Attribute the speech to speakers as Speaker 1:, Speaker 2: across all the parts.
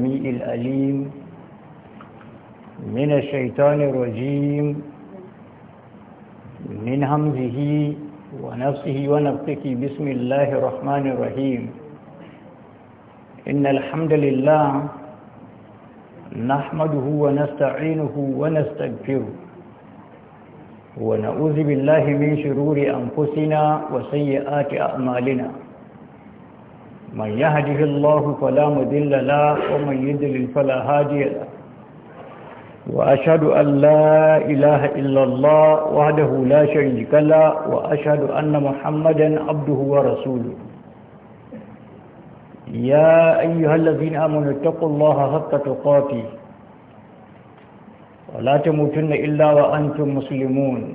Speaker 1: السميع الأليم من الشيطان الرجيم من همزه ونفسه ونفسه بسم الله الرحمن الرحيم إن الحمد لله نحمده ونستعينه ونستغفره ونعوذ بالله من شرور أنفسنا وسيئات أعمالنا من يهده الله فلا مذل له ومن يدلل فلا هادي له وأشهد أن لا إله إلا الله وحده لا شريك له وأشهد أن محمدا عبده ورسوله يا أيها الذين آمنوا اتقوا الله حق تقاته ولا تموتن إلا وأنتم مسلمون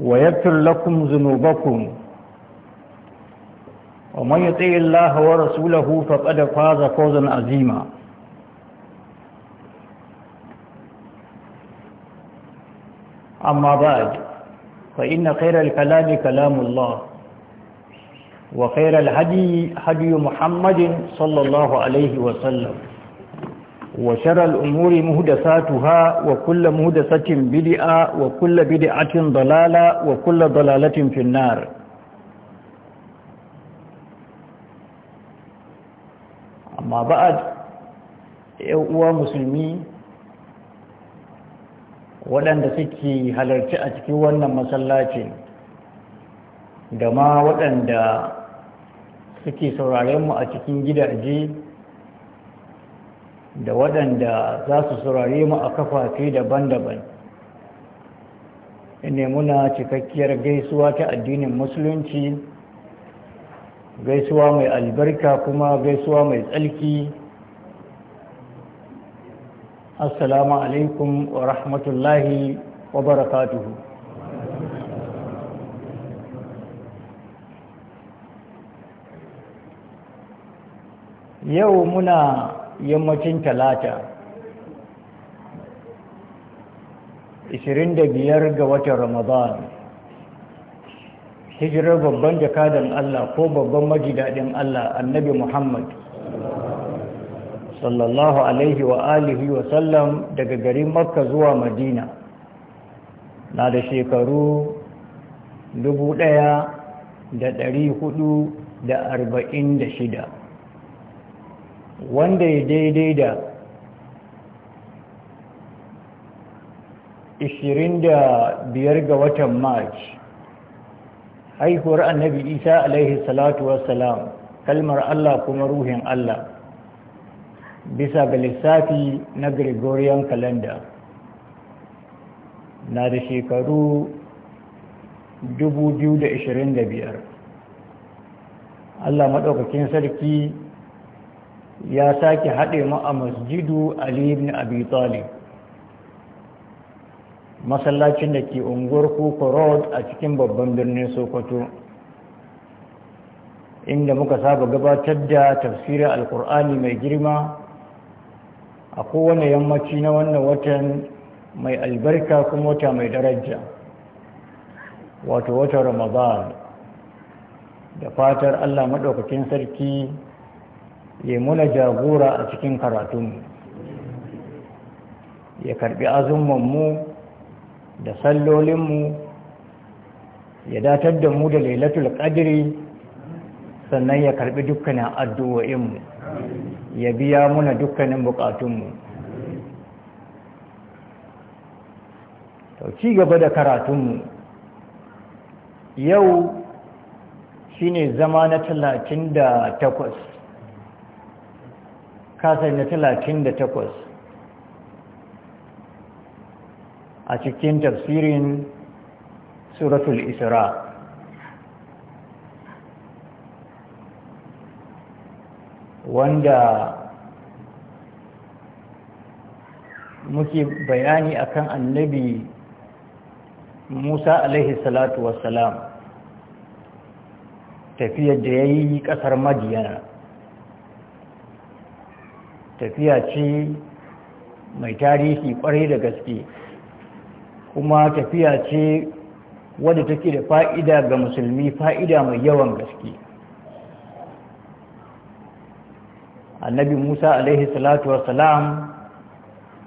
Speaker 1: ويغفر لكم ذنوبكم ومن يطع الله ورسوله فقد فاز فوزا عظيما أما بعد فإن خير الكلام كلام الله وخير الهدي هدي محمد صلى الله عليه وسلم wa sharar umuri muhudasatu ha wa kulla muhudasatin bidi'a wa kulla bidi'atin dalala wa kulla dalalatin finnar amma ba'ad uwa musulmi waɗanda suke halarci a cikin wannan matsalacin da ma waɗanda suke sauraren mu a cikin gidaje da waɗanda za su saurare mu a kafafi daban-daban ne muna cikakkiyar gaisuwa ta addinin musulunci gaisuwa mai albarka kuma gaisuwa mai tsalki assalamu alaikum wa rahmatullahi wa barakatuhu yau muna yammacin talata biyar ga watan ramadan hijirar babban jakadan Allah ko babban majidadin Allah annabi Muhammad sallallahu alaihi wa alihi wa sallam daga garin makka zuwa madina na da shekaru ɗaya da da da shida. wanda ya daidai da 25 ga watan march haihuwar annabi isa alaihi salatu wasalam kalmar allah kuma ruhin allah bisa ga lissafi na gregorian calendar na da shekaru 2025 allah maɗaukakin sarki ya sake haɗe mu a masjidu ali ibn abi talib masallacin da ke unguwar kuka road a cikin babban birnin sokoto inda muka saba gabatar da tafsirin alkur'ani mai girma a kowane yammaci na wannan watan mai albarka kuma wata mai daraja wato wata ramadan da fatar allah maɗaukakin sarki ya muna jagora a cikin karatunmu ya karbi azumanmu da sallolinmu ya datar da mu da lailatul qadri sannan ya karbi dukkanin addu'o'inmu ya biya muna dukkanin bukatunmu ci gaba da karatunmu yau shine zama na talatin da takwas kasar na talatin da takwas a cikin tafsirin suratul isra wanda muke bayani akan annabi musa alaihi salatu wasalam tafiyar da ya yi kasar madiyana tafiya ce mai tarihi kwarai da gaske kuma tafiya ce wadda take da fa'ida ga musulmi fa'ida mai yawan gaske annabi musa alaihi salatu salam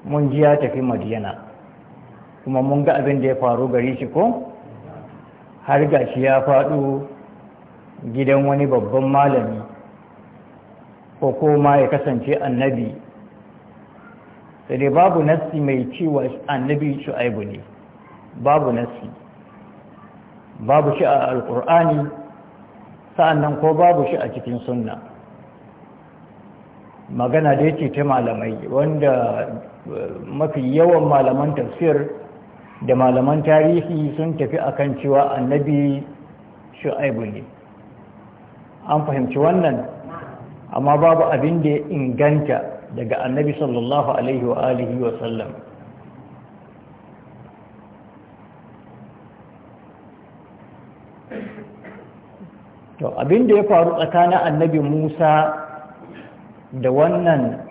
Speaker 1: mun ji ya tafi madiyana kuma mun ga abin da ya faru gari shi ko har gashi ya faɗo gidan wani babban malami ko koma ya kasance annabi sai dai babu nassi mai cewa annabi shu'aibu ne babu nassi babu shi a alkur'ani sa'annan ko babu shi a cikin sunna magana da yake ta malamai wanda eh, mafi yawan malaman tafsir da malaman tarihi sun tafi akan cewa annabi shu'aibu ne an fahimci wannan amma babu abin da ya inganta daga annabi sallallahu alaihi wa alihi wa sallam to abin da ya faru tsakanin annabi Musa da wannan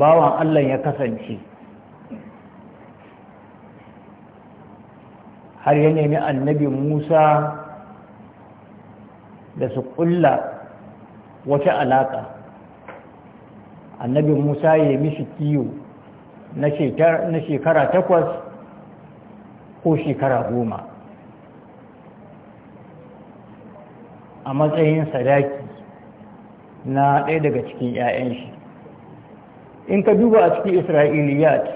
Speaker 1: bawan Allah ya kasance har ya nemi annabi Musa da su kulla wata alaƙa annabi musa ya yi mishi kiyo na shekara takwas ko shekara goma a matsayin sadaki na ɗaya daga cikin 'ya'yan shi in ka duba a cikin isra'iliyat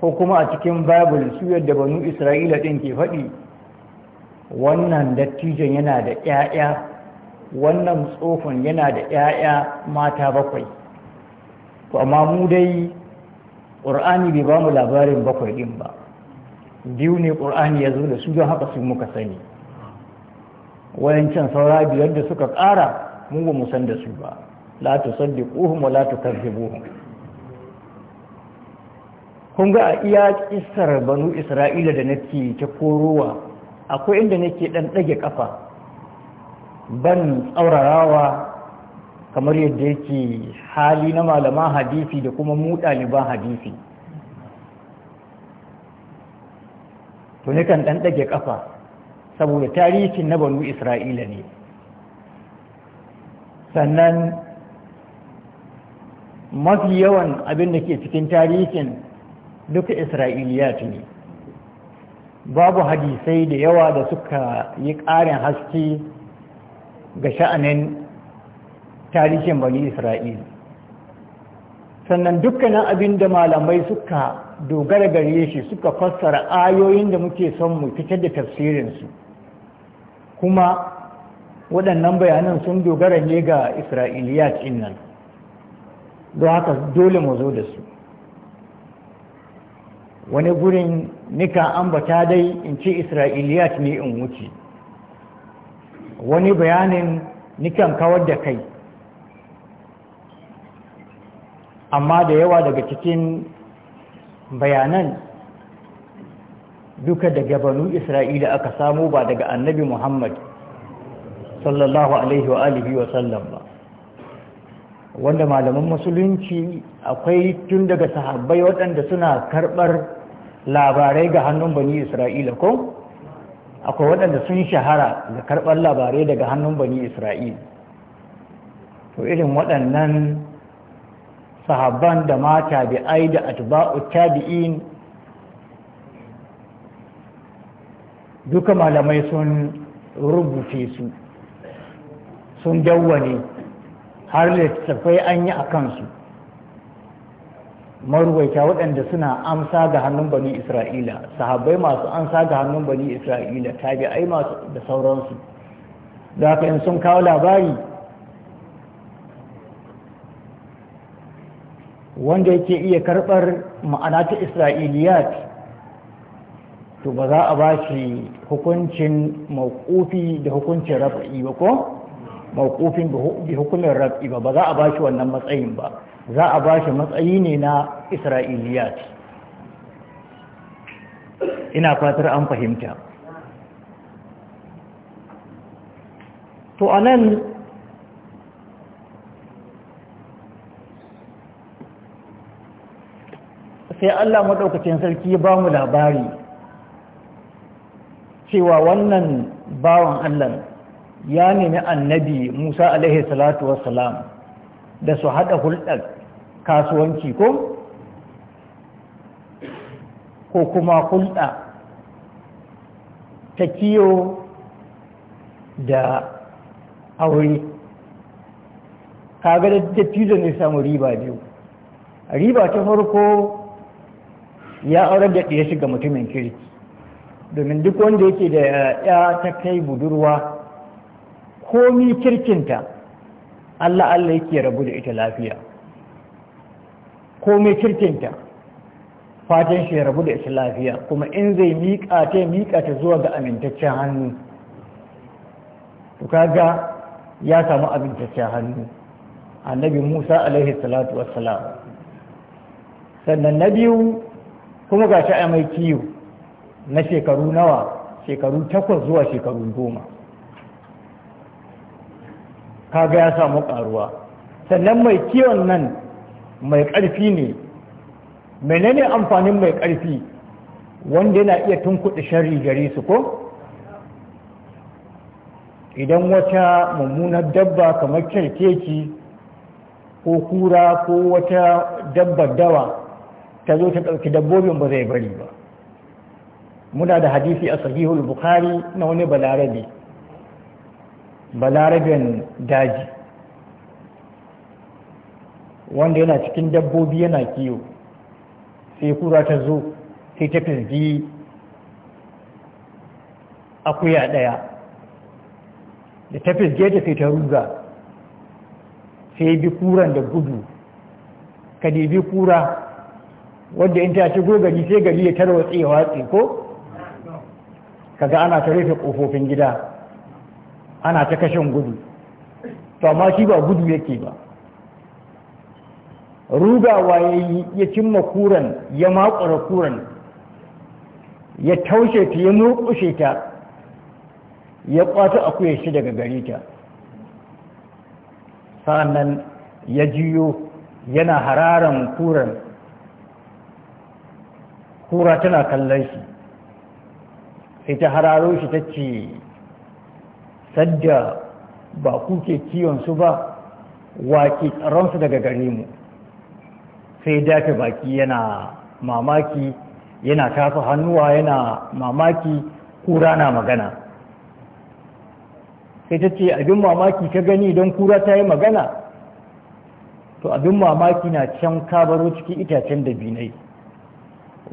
Speaker 1: ko kuma a cikin bible su yadda banu isra'ila ɗin ke faɗi wannan dattijan yana da 'ya'ya wannan tsohon yana da 'ya'ya mata bakwai to amma mu dai ƙur'ani bai ba mu labarin bakwai ɗin ba biyu ne ƙur'ani ya zo da su don haka su muka sani wayancan saura biyar da suka ƙara mun ba mu san da su ba la tusaddiquhum wa la tukazzibuhum kun ga a iya kissar banu isra'ila da nake ta korowa akwai inda nake ɗan ɗage ƙafa. ban tsaurarawa kamar yadda yake hali na malaman hadisi da kuma mu ɗaliban hadisi to kan ɗan ɗage ƙafa saboda tarihin na banu isra'ila ne sannan mafi yawan abin da ke cikin tarihin duka isra'iliya ne babu hadisai da yawa da suka yi ƙarin haske ga sha'anin tarihin bani isra'il sannan dukkanin abin da malamai suka dogara gare shi suka fassara ayoyin da muke son mu fitar da tafsirinsu kuma waɗannan bayanan sun dogara ne ga isra'iliyat nan don haka dole mu zo da su wani gurin nika ambata dai in ce isra'iliyat ne in wuce wani bayanin nikan kawar da kai amma da yawa daga cikin bayanan duka daga banu isra'ila aka samu ba daga annabi muhammad sallallahu alaihi wa alihi wa sallam ba wanda malaman musulunci akwai tun daga sahabbai waɗanda suna karɓar labarai ga hannun bani isra'ila ko akwai waɗanda sun shahara da karɓar labarai daga hannun bani isra'il to irin waɗannan sahabban da ma tabi'ai da atba'u tabi'in duka malamai sun rubuce su sun dawwane har littattafai an yi a kansu marwaita waɗanda suna amsa ga hannun bani isra'ila sahabbai masu amsa ga hannun bani isra'ila tabi'ai masu da sauransu da haka in sun kawo labari wanda yake iya karɓar ma'ana ta isra'iliyat to ba za a ba shi hukuncin maƙufi da hukuncin rafi ba ko maƙufin da hukumin rafi ba ba za a ba shi wannan matsayin ba za a bashi matsayi ne na isra'iliyat ina fatar an fahimta to a sai allah maɗaukacin sarki ya ba mu labari cewa wannan bawan allah ya nemi annabi musa alaihi salatu wasalam da su haɗa hulɗar kasuwanci ko ko kuma hulɗa ta kiyo da aure kaga da dattijo ne samu riba biyu riba ta farko ya aure da ɗaya shiga mutumin kirki domin duk wanda yake da ya ta kai budurwa komi kirkinta Allah Allah yake rabu da ita lafiya komai kirkinta fatan shi rabu da ita lafiya kuma in zai miƙa ta miƙa ta zuwa ga amintaccen hannu to kaga ya samu amintaccen hannu annabi Musa alaihi salatu wassalam sannan na biyu kuma gashi a mai kiyo na shekaru nawa shekaru takwas zuwa shekaru goma kaga ya samu karuwa sannan mai kiwon nan mai ƙarfi ne menene amfanin mai ƙarfi wanda yana iya tunkuɗe sharri gare su ko idan wata mummunar dabba kamar kyarkeci ko kura ko wata dabbar dawa ta zo ta ɗauki dabbobin ba zai bari ba muna da hadisi a sahihul bukhari na wani balarabe balaraben daji wanda yana cikin dabbobi yana kiyo sai kura ta zo sai ta fizgi akuya ɗaya da ta fizge ta sai ta ruga sai bi kuran da gudu ka bi kura wadda in ta shigo gari sai gari ya tarwatse ya watsi ko kaga ana ta rufe ƙofofin gida ana ta kashin gudu to amma shi ba gudu yake ba rugawa ya cimma kuran ya makura kuran ya taushe ta ya murkushe ta ya kwato akuyar shi daga gare ta sannan ya jiyo yana hararan kuran kura tana kallon shi sai ta hararo shi ta ce sadda ba kuke ke kiwon su ba wake ransu daga gare mu sai dafe baki yana mamaki yana tafi hannuwa yana mamaki kura na magana sai ta ce abin mamaki ka gani don kura ta yi magana to abin mamaki na can kabaro cikin itacen da binai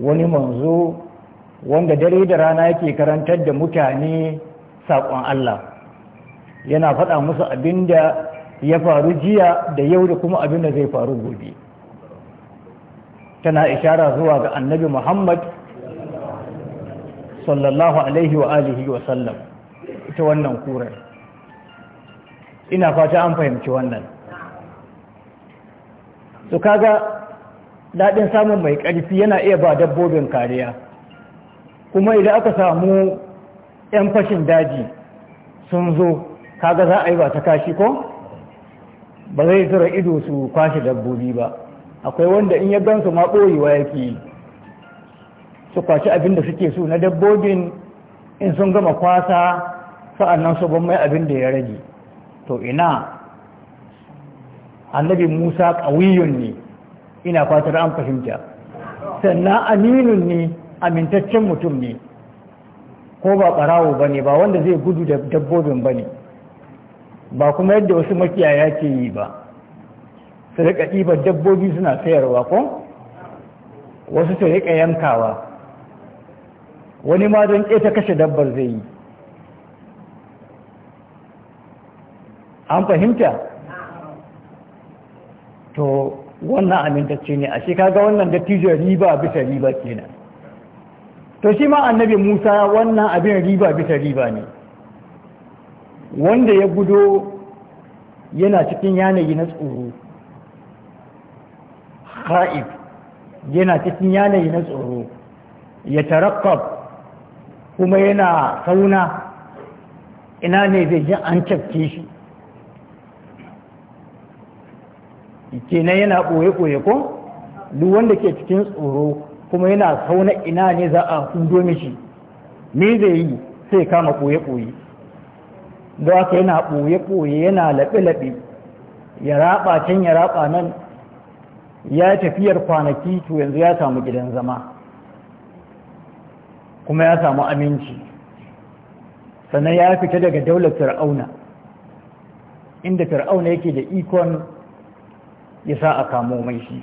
Speaker 1: wani manzo wanda dare da rana yake karantar da mutane saƙon Allah yana faɗa musu abin da ya faru jiya da yau da kuma abin da zai faru gobe tana ishara zuwa ga annabi muhammad sallallahu alaihi wa alihi wa sallam ita wannan kurar ina fata an fahimci wannan su kaga daɗin samun mai ƙarfi yana iya ba dabbobin kariya kuma idan aka samu 'yan fashin daji sun zo kaga za a yi ba ta kashi ko ba zai tura ido su kwashe dabbobi ba akwai wanda in ya gansu ma ɓoyewa yake yi su kwashe abin da suke so na dabbobin in sun gama kwasa sa'annan su ban mai abin da ya rage to ina annabi musa ƙawiyun ne ina fatar an fahimta sannan aminun ne amintaccen mutum ne ko ba ɓarawo ba ne ba wanda zai gudu da dabbobin ba ne ba kuma yadda wasu makiyaya ke yi ba su rika ɗiba dabbobi suna sayarwa ko wasu su rika yankawa wani ma don ƙeta kashe dabbar zai yi an fahimta to wannan amintacce ne a kaga wannan dattijon riba bisa riba kenan to shi ma annabi musa wannan abin riba bisa riba ne wanda ya gudo yana cikin yanayi na tsoro ha'ib yana cikin yanayi na tsoro ya tarakkab kuma yana sauna ina ne zai ji an cafke shi kenan yana ɓoye-ɓoye ko duk wanda ke cikin tsoro kuma yana sauna ina ne za a hundo mishi me zai yi sai kama ɓoye-ɓoye da yana ɓoye-ɓoye yana laɓe-laɓe ya raɓa can ya raɓa nan ya tafiyar kwanaki to yanzu ya samu gidan zama kuma ya samu aminci sannan ya fita daga daular fir'auna inda fir'auna yake da ikon ya sa a kamo mai shi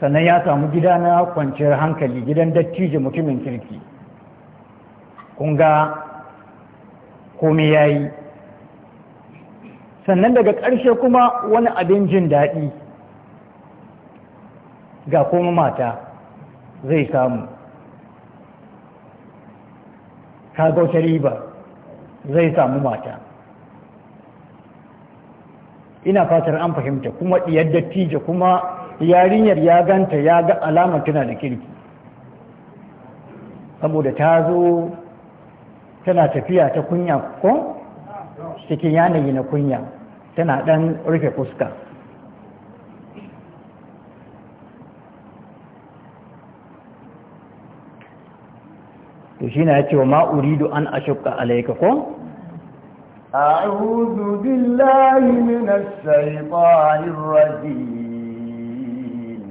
Speaker 1: sannan ya samu gida na kwanciyar hankali gidan dattijin mutumin kirki kun ga. komai ya yi sannan daga ƙarshe kuma wani abin jin daɗi ga kuma mata zai samu ka riba zai samu mata ina fatar an fahimta kuma ɗiyar tije kuma yarinyar ya ganta ya ga alamar tana da kirki saboda ta zo tana tafiya ta kunya ko cikin yanayi na kunya tana ɗan rufe fuska to shi na ya ce wa ma'uridu an ashukka alaika ko
Speaker 2: أعوذ بالله من الشيطان الرجيم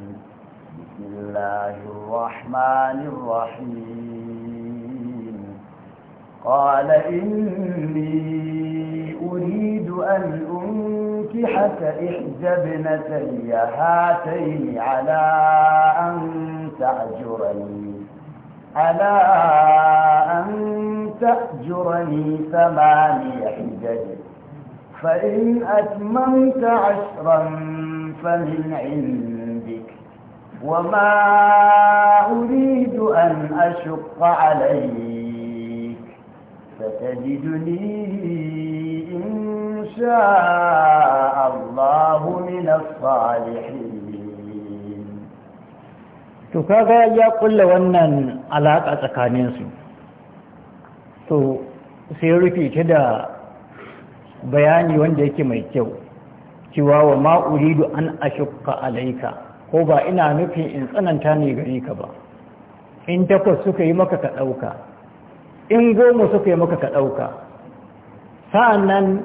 Speaker 2: بسم الله الرحمن الرحيم قال إني أريد أن أنكحك إحدى ابنتي هاتين على أن تأجرني على أن تأجرني ثماني حجج فإن أتممت عشرا فمن عندك وما أريد أن أشق عليك ستجدني إن شاء الله من الصالحين
Speaker 1: تكاغا يقول لونن علاقة تكانينسو to sai rufe ta da bayani wanda yake mai kyau cewa wa ma'uridu an ashukka alaika ko ba ina nufin in tsananta ne gare ka ba in tafas suka yi maka ka ɗauka in goma suka yi maka ka ɗauka nan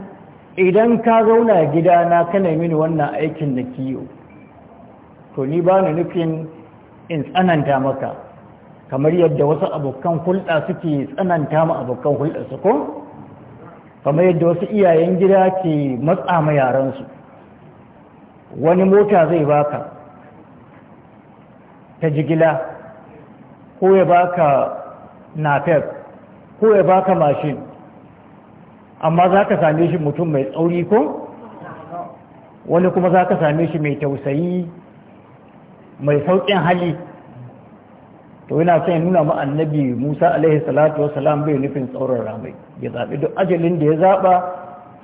Speaker 1: idan ka zauna gida na kana mini wannan aikin na kiyo to ni ba ni nufin in tsananta maka kamar yadda wasu abokan hulɗa suke tsananta ma abokan hulɗa su ko kamar yadda wasu iyayen gida ke matsa ma yaransu wani mota zai baka ta jigila ko ya baka nafef ko ya baka mashin amma za ka same shi mutum mai tsauri ko wani kuma za ka same shi mai tausayi mai sauƙin hali to yana son ya nuna ma annabi musa alaihi salatu wasalam bai nufin tsaurin ramai ya zaɓi duk ajalin da ya zaɓa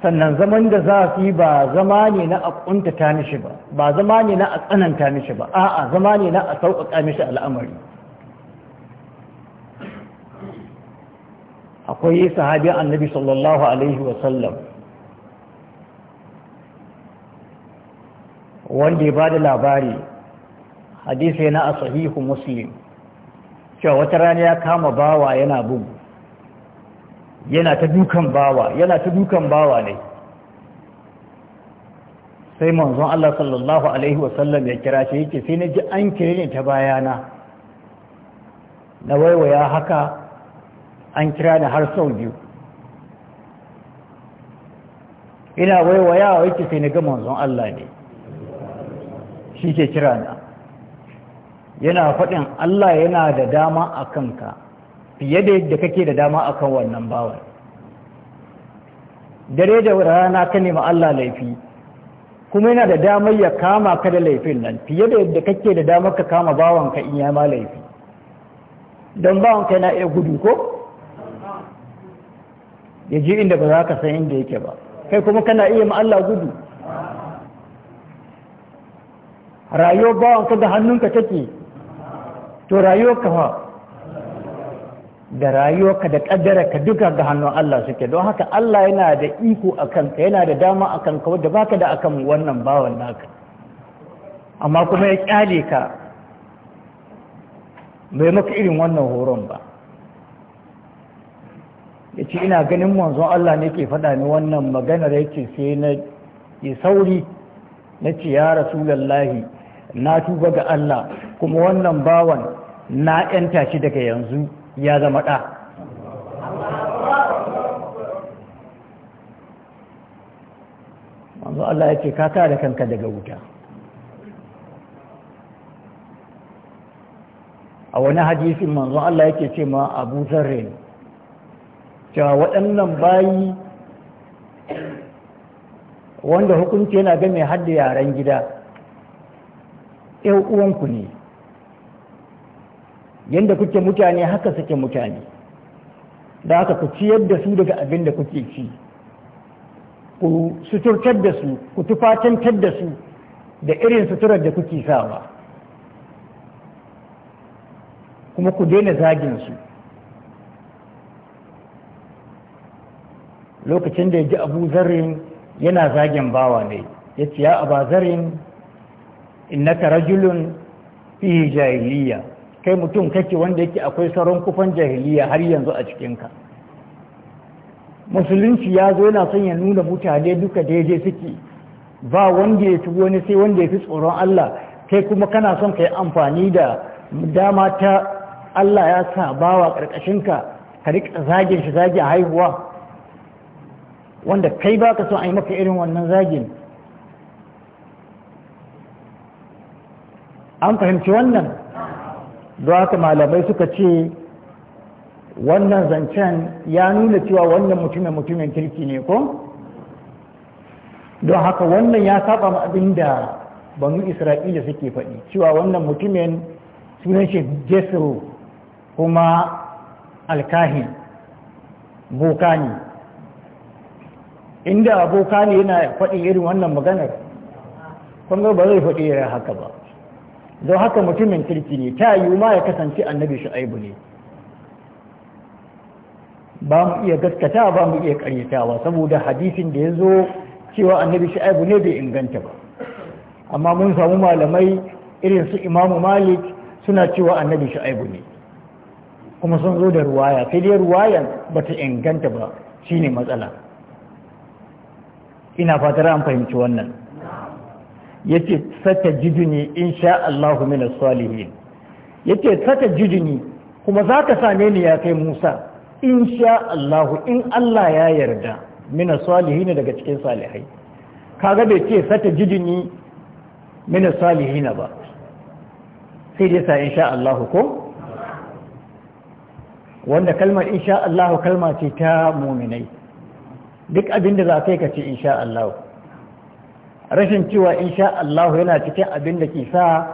Speaker 1: sannan zaman da za su yi ba zama ne na a ƙunta mishi ba ba zama ne na a tsananta mishi ba a'a zama ne na a sauƙaƙa mishi al'amari akwai sahabi annabi sallallahu alaihi wasallam wanda ya ba da labari hadisai na a sahihu muslim cewa wata rana ya kama bawa yana bugu yana ta dukan bawa yana ta dukan bawa ne sai manzon Allah sallallahu alaihi wasallam ya kira shi yake sai na ji an kire ne ta bayana na waiwaya haka an kira da har sau biyu ina waiwayawa yake sai na gama manzon Allah ne shi ke kira na yana faɗin Allah yana da dama a kanka fiye da yadda kake da dama a kan wannan bawan dare da rana ka nema Allah laifi kuma yana da damar ya kama ka da laifin nan fiye da yadda kake da dama ka kama bawanka in ya ma laifi don bawanka yana iya gudu ko ya je inda ba za ka san inda yake ba kai kuma kana iya ma Allah gudu rayuwar bawan ka da hannunka take to rayuwar ka fa da rayuwar ka da kaddara ka duka ga hannun Allah suke don haka Allah yana da iko a kanka yana da dama a kanka wadda baka da akan wannan bawan naka amma kuma ya kyale ka bai maka irin wannan horon ba ya ce ina ganin manzon Allah ne ke faɗa ni wannan maganar yake sai na yi sauri na ce ya rasulallahi na tuba ga Allah kuma wannan bawan na ‘yanta shi daga yanzu ya zama ɗa manzon Allah ya ce ka da kanka daga wuta a wani hadisin manzon Allah yake ce ma abu zarre cewa waɗannan bayi wanda hukunci yana game hadda yaren gida ‘yan uwanku ne yadda kuke mutane haka suke mutane da haka ku ciyar da su daga abin da kuke ci ku suturtar da su ku tufatantar da su da irin suturar da kuke sawa kuma ku daina zagin su lokacin da ya ji abu zarin yana zagin bawa ne ya ce ya aba zarrin innaka rajulun fiye jahiliya kai mutum kake wanda yake akwai sauran kufan jahiliya har yanzu a cikinka musulunci ya zo yana son ya nuna mutane duka daidai suke ba wanda ya fi wani sai wanda ya fi tsoron Allah kai kuma kana son ka yi amfani da dama ta Allah ya sa bawa ƙarƙashinka ka riƙa zagin shi zagin haihuwa wanda kai ba ka so a yi maka irin wannan zagin an fahimci wannan don haka malamai suka ce wannan zancen ya nuna cewa wannan mutumin mutumin kirki ne ko don haka wannan ya saba ma abin da banu isra'ila suke faɗi cewa wannan mutumin sunan shi jesro kuma alkahin boka ne inda aboka ne yana faɗin irin wannan maganar kuma ba zai faɗi ya haka ba don haka mutumin kirki ne ta yiwu ma ya kasance annabi shu'aibu ne ba mu iya gaskata ba mu iya karyatawa saboda hadisin da ya zo cewa annabi shu'aibu ne bai inganta ba amma mun samu malamai irin su imamu malik suna cewa annabi shu'aibu ne kuma sun zo da ruwaya sai dai ruwayan bata inganta ba shine matsala ina fatara an fahimci wannan yace sata jiduni insha Allah min as-salihin yace sata jiduni kuma zaka same ni ya kai Musa insha Allah in Allah ya yarda min as-salihin daga cikin salihai kaga bai ce sata jiduni min as-salihin ba sai dai sa insha Allah ko wanda kalmar insha Allah kalma ce ta mu'minai duk abin da za ka yi ka ce insha Allah rashin cewa insha Allah yana cikin abin da ke sa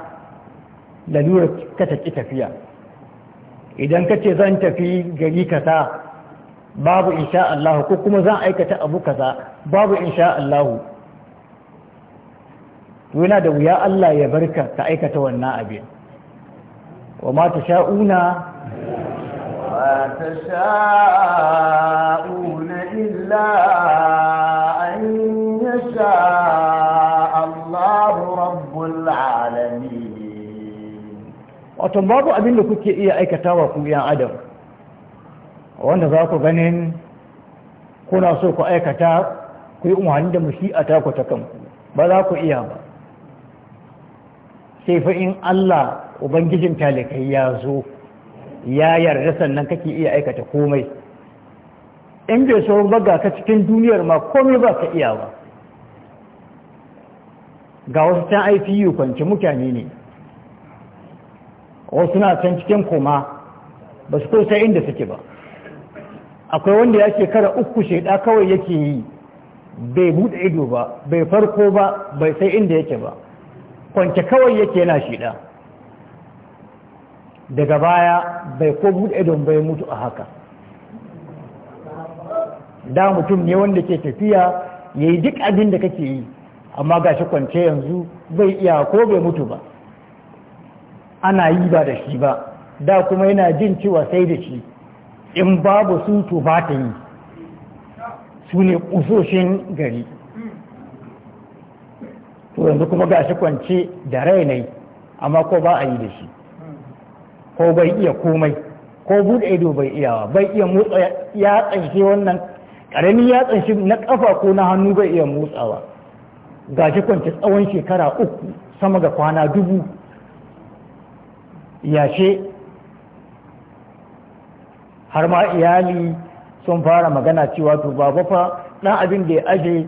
Speaker 1: lalura ka tafi tafiya idan ka ce zan tafi gari kaza babu insha Allah ko kuma zan aikata abu kaza babu insha Allah yana da wuya Allah ya barka ka aikata wannan abin wa ma tasha'una
Speaker 2: وما تشاءون إلا أن يشاء الله رب العالمين
Speaker 1: وتنبابوا أبين لكوك adam أي كتاوكم wanda za ku ganin kuna so ku aikata ku yi umarni da mushi'ata ku ta kanku ba za ku iya ba sai fa in Allah ubangijin talikai ya zo ya yarda sannan kake iya aikata komai in bai so baga ka cikin duniyar ma komai ba ka iya ba ga wasu can IPU kwanci mutane ne wasu na can cikin koma ba su kusa inda suke ba akwai wanda ya shekara uku shaida kawai yake yi bai buɗe ido ba bai farko ba bai sai inda yake ba kwanci kawai yake yana shaida daga baya bai ko buɗe don bai mutu a haka da mutum ne wanda ke tafiya ya yi duk abin da kake yi amma ga shi kwance yanzu bai iya ko bai mutu ba ana yi ba da shi ba da kuma yana jin cewa sai da shi in babu su to ba yi su ne ƙusoshin gari to yanzu kuma ga shi kwance da rainai amma ko ba a yi da shi ko bai iya komai ko buɗe ido bai iyawa bai iya motsa ya tsanshi wannan ƙaramin ya tsanshi na ƙafa ko na hannu bai iya motsawa gashi kwanci tsawon shekara uku sama ga kwana dubu yashe har ma iyali sun fara magana cewa to baba fa ɗan abin da ya aje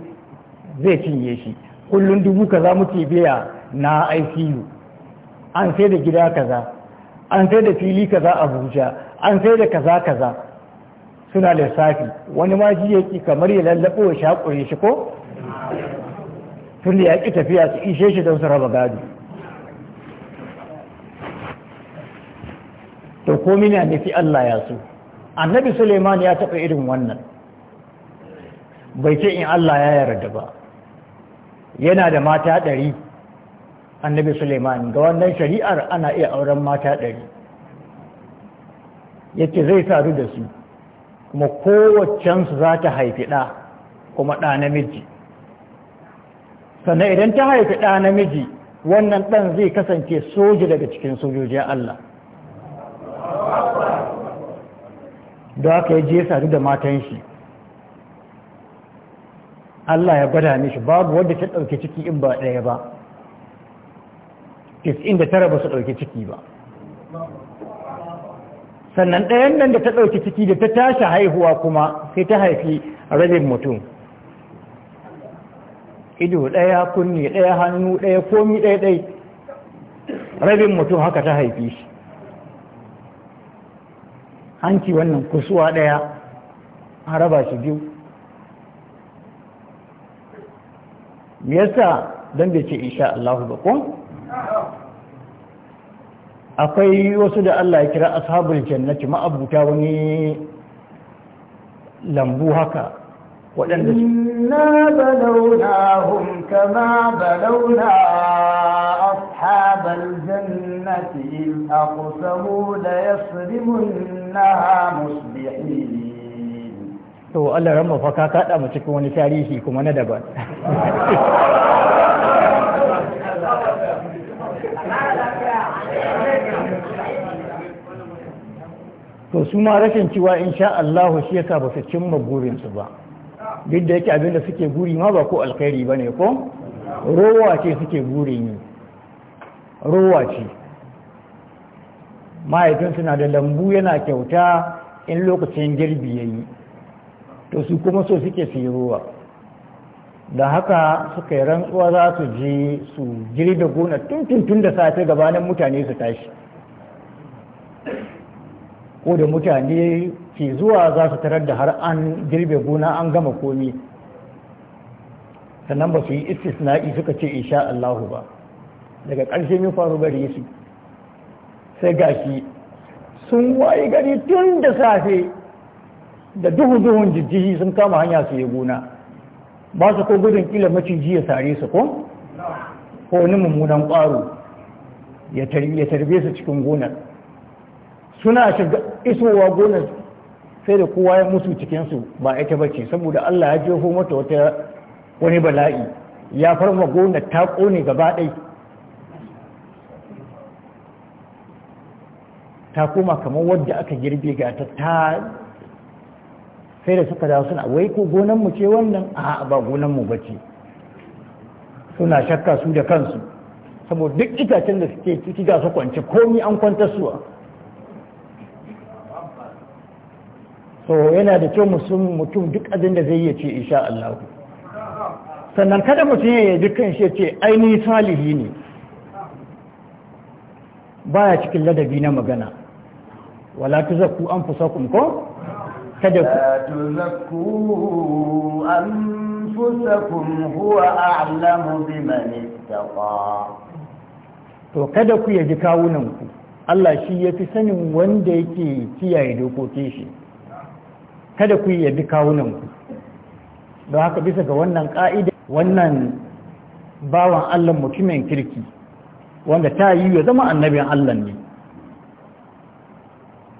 Speaker 1: zai cinye shi kullum dubu kaza muke biya na ICU an sai da gida kaza an sai da fili kaza abuja an sai da kaza kaza suna lissafi wani ma ji yaki kamar ya lallabo ya shakure shi ko
Speaker 3: tun da ya tafiya su ishe shi don
Speaker 1: su raba gado to komi na nufi Allah ya so annabi Suleiman ya taɓa irin wannan bai ce in Allah ya yarda ba yana da mata ɗari annabi suleiman ga wannan shari'ar ana iya auren mata ɗari yake zai sadu da su kuma kowaccensu za ta haifi ɗa kuma ɗa namiji sannan idan ta haifi ɗa namiji wannan ɗan zai kasance soja daga cikin sojojin Allah da aka yi je sadu da matan shi Allah ya gwada mishi babu wadda ta ɗauki ciki in ba ɗaya ba 99 ba su ɗauki ciki ba sannan ɗayan nan da ta ɗauki ciki da ta tashi haihuwa kuma sai ta haifi rabin mutum ido ɗaya kunni ɗaya hannu ɗaya komi ɗaya ɗai rabin mutum haka ta haifi shi hanci wannan kusuwa ɗaya a raba shi biyu me yasa don bai ce insha Allahu ba ko akwai wasu da Allah ya kira ashabul jannati ma'abuta wani lambu haka waɗanda su
Speaker 2: na balaunahum kama balauna ashabal jannati da aqsamu la yasrimunha musbihin
Speaker 1: to Allah ramma fa ka kada mu cikin wani tarihi kuma na daban to su ma rashin cewa sha Allah shi yasa ba su cimma burinsu ba duk da yake abinda suke guri ma ba ko alkhairi ba ne ko rowa ce suke guri ne rowa ce mahaifinsu na da lambu yana kyauta in lokacin girbi ya yi to su kuma so suke su yi da haka suka yi rantsuwa za su je su girbe gona tun tun da safe gabanin mutane su tashi ko da mutane ke zuwa za su tarar da har an girbe gona an gama komi sannan ba su yi istisna'i suka ce insha Allahu ba daga ƙarshe min faru gare su sai gashi sun waye gari tun da safe da duhu-duhun jijjihi sun kama hanya su yi gona ba su ko gudun kila maciji ya sare su ko ko wani mummunan ƙwaro ya tarbe su cikin gonar suna shiga isowa gonar sai da kowa ya musu cikinsu ba ita ba ce saboda Allah ya jefo mata wata wani bala'i ya farma gonar ta kone gaba ɗai ta koma kamar wadda aka girbe ga ta ta sai da suka dawo suna wai ko gonanmu ce wannan a ba gonanmu ba ce suna shakka su da kansu saboda duk itacen da suke ciki ga su kwance komi an kwanta suwa so yana da kyau mutum duk abin da zai yi ce insha Allah
Speaker 3: sannan kada mutum ya yi
Speaker 1: dukkan shi ce aini salihi ne baya cikin ladabi na magana wala tuzakku anfusakum ko kada ku
Speaker 2: tuzakku anfusakum huwa a'lamu biman
Speaker 1: to kada ku yaji kawunan ku Allah shi yafi sanin wanda yake kiyaye dokokin shi kada ku yabi kawunan ku don haka bisa ga wannan ka'ida wannan bawan Allah mutumin kirki wanda ta yi ya zama annabin Allah ne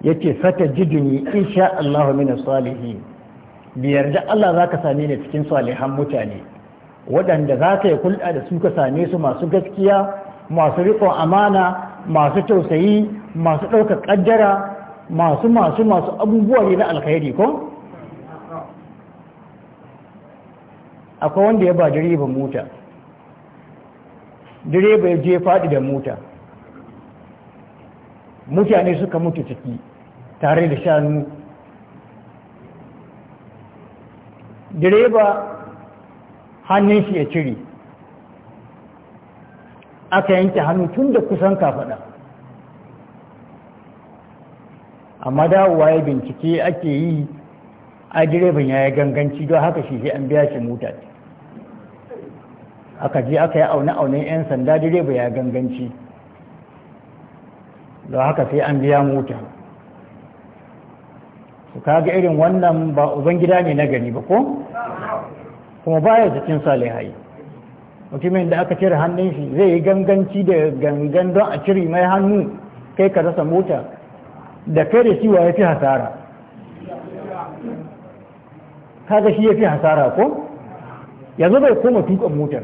Speaker 1: yace sata jiduni insha Allah min salihin biyar da Allah za ka same ni cikin salihan mutane waɗanda za ka yi kulɗa da su ka same su masu gaskiya masu riƙon amana masu tausayi masu ɗaukar ƙaddara masu masu masu abubuwa ne na alkhairi ko akwai wanda ya ba direban mota direba ya je faɗi da mota mutane suka mutu ciki tare da shanu direba hannun shi ya cire aka yanke hannu tun da kusan kafaɗa amma dawowa ya bincike ake yi a direban ya yi ganganci don haka shi an biya shi mota aka je aka yi aune-aunen 'yan sanda direba ya ganganci don haka sai an biya mota su kaga irin wannan ba ubangida ne na gani ba ko kuma baya cikin salihai mutumin da aka cire hannun shi zai yi ganganci da gangan don a cire mai hannu kai ka rasa mota da kai da shi wa ya fi hasara kaga shi ya fi hasara ko yanzu bai koma tuka motar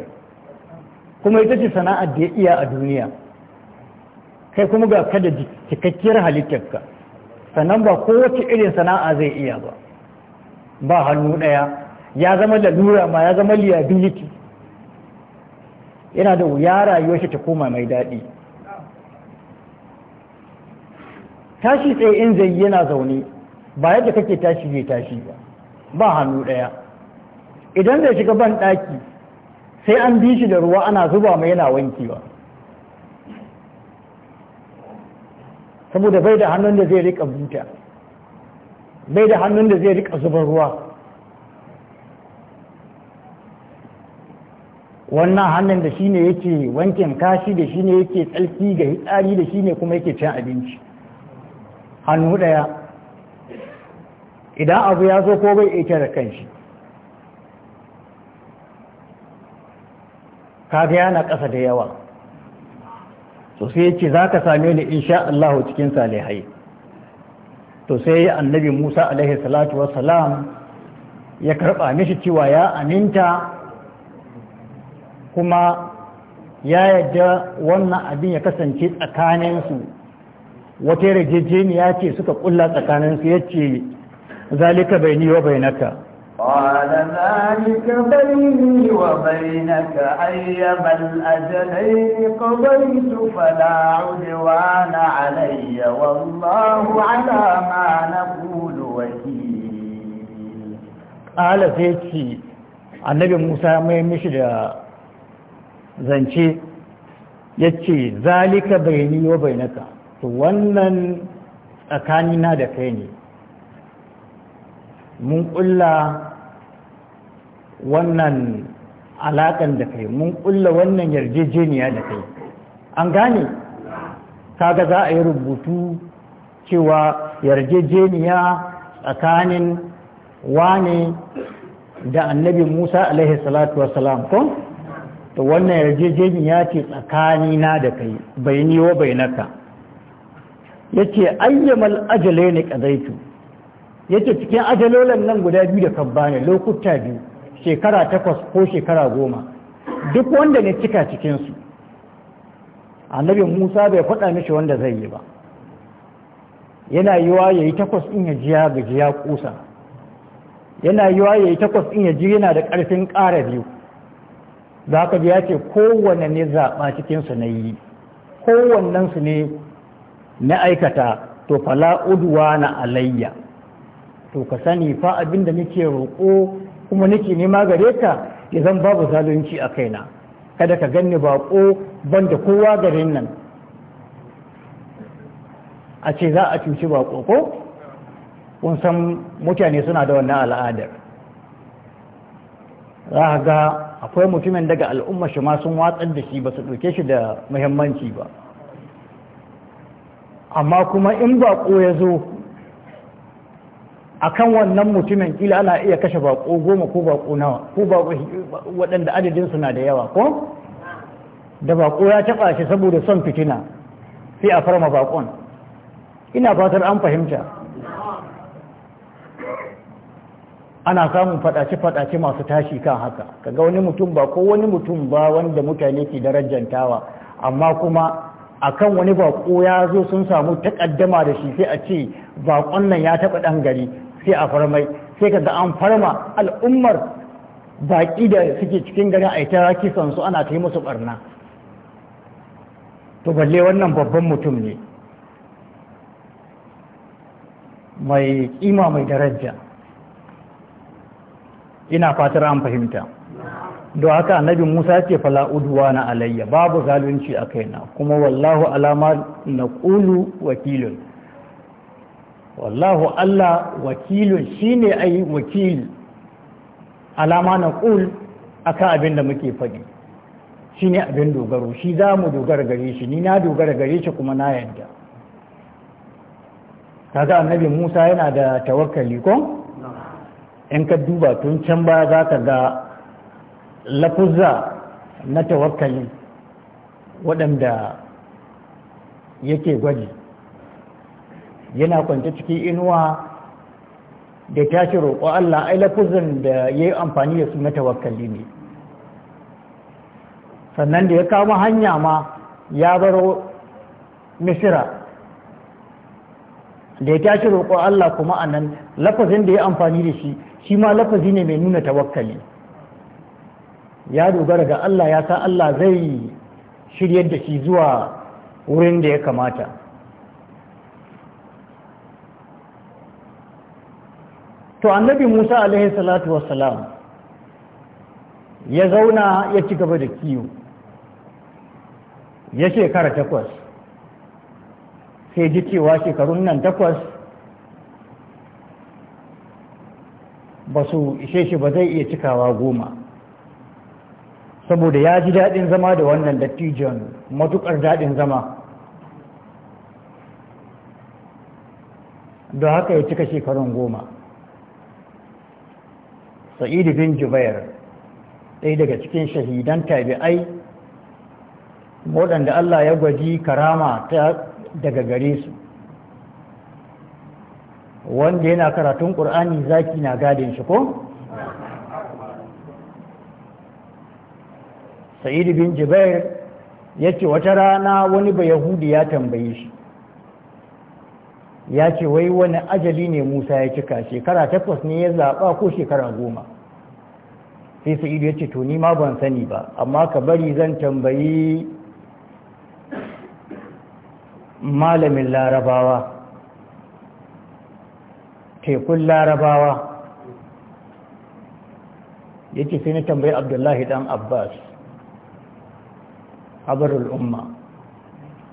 Speaker 1: kuma ita ce sana'ar da ya iya a duniya kai kuma ga kada cikakkiyar halittarka sannan ba kowace irin sana'a zai iya ba ba hannu ɗaya ya zama lalura ma ya zama liability yana da wuya rayuwar shi ta koma mai daɗi tashi tsaye in zai yana zaune ba yadda kake tashi zai tashi ba ba hannu ɗaya idan zai shiga ban ɗaki sai an bi shi da ruwa ana zuba mai yana wankewa saboda bai da hannun da zai rika buta bai da hannun da zai rika zubar ruwa wannan hannun da shine yake wankin kashi da shine yake tsarki ga hitsari da shine kuma yake cin abinci hannu daya idan abu ya zo ko bai ita da kanshi ka ga yana ƙasa da yawa to sai ce za ka same ni insha Allah cikin salihai to sai annabi Musa alaihi salatu salam ya karɓa mishi cewa ya aminta kuma ya yadda wannan abin ya kasance tsakaninsu wata yarjejeniya ce suka kulla tsakanin su yace zalika baini wa bainaka
Speaker 2: قال ذلك بيني وبينك أيما الأجلين قضيت فلا عدوان علي والله على ما نقول وكيل
Speaker 1: قال فيتي النبي موسى ما يمشي zance ya ce zalika bayani bainaka to wannan tsakanina da kai ne mun ƙulla wannan alaƙan da kai mun ƙulla wannan yarjejeniya da kai an gane kaga za a yi rubutu cewa yarjejeniya tsakanin wane da annabi musa alaihi salatu wasalam ko to wannan yarjejeniya ce tsakanina da kai bai niwa bai naka yace ayyamal ajale ne Ya yace cikin ajalolan nan guda biyu da kan bani lokuta biyu shekara takwas ko shekara goma duk wanda ne cika cikinsu. su annabi Musa bai faɗa mishi wanda zai yi ba yana yiwa yayi takwas in ya jiya ga jiya kusa yana yiwa yayi takwas in ya ji yana da ƙarfin ƙara biyu za ka ji ya ce kowane ne zaɓa cikinsu na yi kowannen su ne na aikata to fala na alayya to ka sani fa abinda nake roƙo kuma nake nema gare ka ya zan babu zalunci a kaina kada ka ganni baƙo ban da kowa garin nan a ce za a cuci baƙo ko kun san mutane suna da wannan al'adar za ga akwai mutumin daga al'umma shi ma sun watsar da shi ba su ɗauke shi da muhimmanci ba amma kuma in baƙo ya zo a kan wannan mutumin kila ana iya kashe baƙo goma ko baƙo nawa ko baƙo waɗanda adadin na da yawa ko da baƙo ya taɓa shi saboda son fitina sai a farma baƙon ina fatar an fahimta ana samun faɗace-faɗace masu tashi kan haka kaga wani mutum ba ko wani mutum ba wanda mutane ke darajantawa amma kuma akan wani bako ya zo sun samu takaddama da shi sai a ce bakon nan ya taɓa ɗan gari sai a farmai sai ka an farma al'ummar baƙi da suke cikin garin a ita kisan su ana ta yi musu barna to balle wannan babban mutum ne mai ƙima mai daraja ina fatar an fahimta don haka annabi musa ce fala uduwa na alayya babu zalunci a kaina kuma wallahu alama na ƙulu wakilun wallahu allah wakilun a yi wakil alama na ƙul akan abin da muke faɗi ne abin dogaro shi za mu dogara gare shi ni na dogara gare shi kuma na yadda kaga annabi musa yana da tawakkali ko in ka duba tun can baya za ka ga lafuzza na tawakkali waɗanda yake gwaji yana kwanta ciki inuwa da tashi roƙo Allah ai lafuzzan da ya yi amfani da su na tawakkali ne sannan da ya kama hanya ma ya baro misira da ya tashi roƙo Allah kuma a nan lafazin da ya amfani da shi shi ma lafazi ne mai nuna tawakkali ya dogara ga Allah ya sa Allah zai shiryar da shi zuwa wurin da ya kamata to annabi Musa alayhi salatu wasalam ya zauna ya ci gaba da kiyo ya shekara takwas sai ji cewa shekarun nan takwas ba su ishe shi ba zai iya cikawa goma saboda ya ji daɗin zama da wannan dattijon matuƙar daɗin zama don haka ya cika shekarun goma sa'idu bin jubair ɗaya daga cikin shahidan tabi'ai waɗanda allah ya gwaji karama ta daga gare su wanda yana karatun ƙur'ani zaki na gadin shi ko? Sa'idu bin jibair ya ce wata rana wani ba yahudi ya tambaye shi ya ce wai wani ajali ne musa ya cika shekara takwas ne ya zaɓa ko shekara goma sai sa'idu ya ce to ni ma ban sani ba amma ka bari zan tambayi malamin larabawa tekun larabawa ya ce sai na tambayi abdullahi dan abbas habarul umma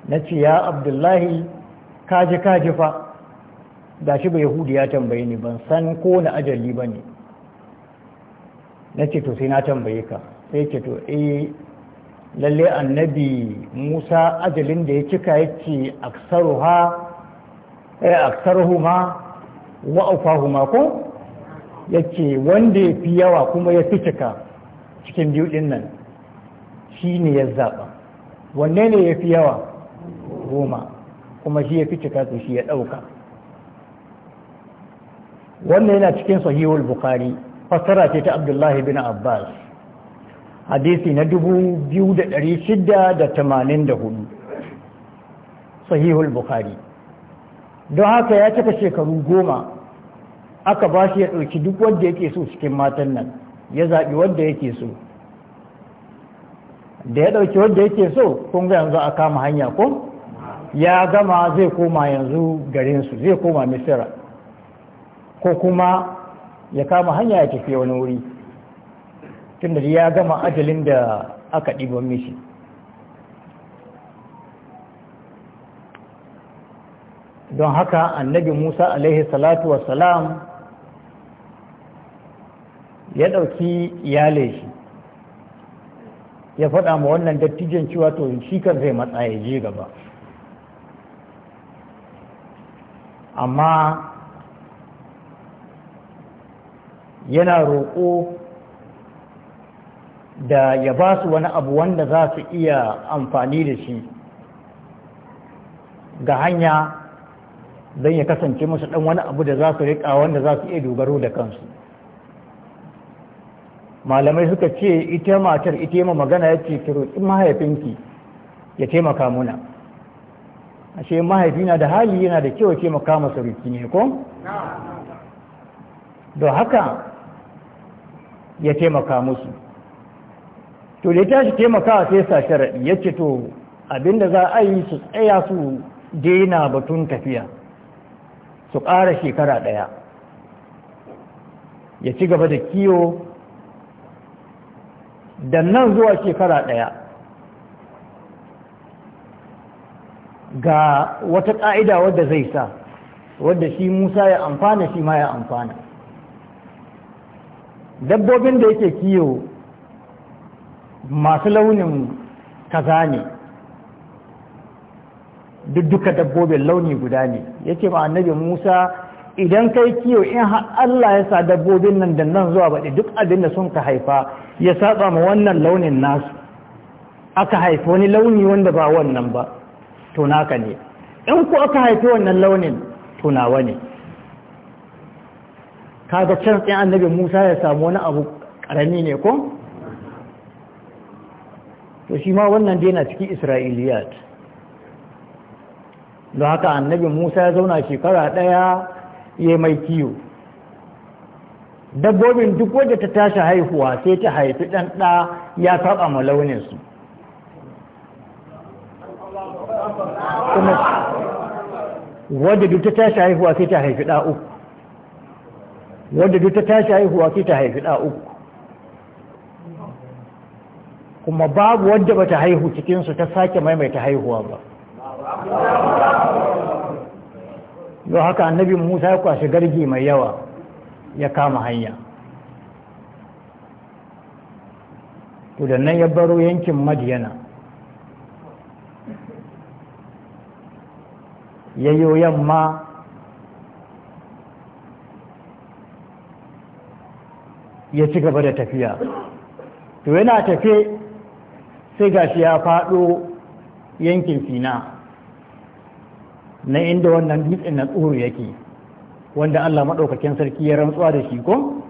Speaker 1: na ce ya abdullahi kaji kaji fa da shi ba yahudi ya tambaye ni ban san ko na ajali ba ne na ce to sai na tambaye ka sai ce to eh lalle annabi musa ajalin da ya cika ya ce aksaruhuma eh, wa aufahuma ko ya ce wanda ya fi yawa kuma ya fi cika cikin biyu nan shi ne ya zaɓa wanne ne ya fi yawa goma kuma shi ya fi cika su shi ya ɗauka wannan yana cikin sahihul bukari fassara ce ta abdullahi bin abbas hadisi na dubu biyu da da da shida tamanin 2684 sahihul bukhari don haka ya cika shekaru goma aka ba shi ya ɗauki duk wanda yake so cikin matan nan ya zaɓi wanda yake so da ya ɗauki wanda yake so kun ga yanzu a kama hanya ko ya gama zai koma yanzu garinsu zai koma misira ko kuma ya kama hanya ya tafi wani wuri tunda ya gama ajalin da aka ɗiban mishi don haka annabi musa alaihi salatu salam ya ɗauki iyalai shi ya faɗa ma wannan dattijan cewa to shi kan zai matsa ya je gaba amma yana roƙo da ya ba su wani abu wanda za su iya amfani da shi ga hanya don ya kasance musu ɗan wani abu da za su riƙa wanda za su iya dogaro da kansu malamai suka ce ita matar ita yi magana ya ce ki roƙi mahaifinki ya taimaka muna ashe na da hali yana da kyau ya taimaka masa roƙi ne ko don haka ya taimaka musu to da ya tashi taimakawa sai sa sharaɗi ya ce to abinda za a yi su tsaya su daina batun tafiya su ƙara shekara ɗaya ya ci gaba da kiwo da nan zuwa shekara ɗaya ga wata ƙa'ida wadda zai sa wadda shi musa ya amfana shi ma ya amfana dabbobin da yake kiyo masu launin kaza ne duk duka dabbobin launi guda ne yake ma annabi musa idan kai kiyo in Allah ya sa dabbobin nan da nan zuwa baɗi duk abin da sun ka haifa ya saba ma wannan launin nasu aka haifi wani launi wanda ba wannan ba to naka ne in ku aka haifi wannan launin to nawa ne kaga can tsayin annabi Musa ya samu wani abu karami ne ko to shi ma wannan dai na cikin Isra'iliyat don haka annabi Musa ya zauna shekara daya ya mai kiyo dabbobin duk wadda ta tashi haihuwa sai ta haifi ɗan ɗa ya saba ma launinsu wadda duk ta tashi haihuwa sai ta haifi ɗa uku wadda duk ta tashi haihuwa sai ta haifi ɗa uku kuma babu wadda ba ta haihu cikinsu ta sake maimaita haihuwa ba yau haka annabi musa ya kwashi gargi mai yawa ya kama hanya to da nan ya baro yankin madiyana yayo yamma ya ci gaba da tafiya to yana tafe sai gashi ya faɗo yankin sina na inda wannan dutsen na tsoro yake wanda Allah maɗaukakin sarki ya rantsuwa da shi ko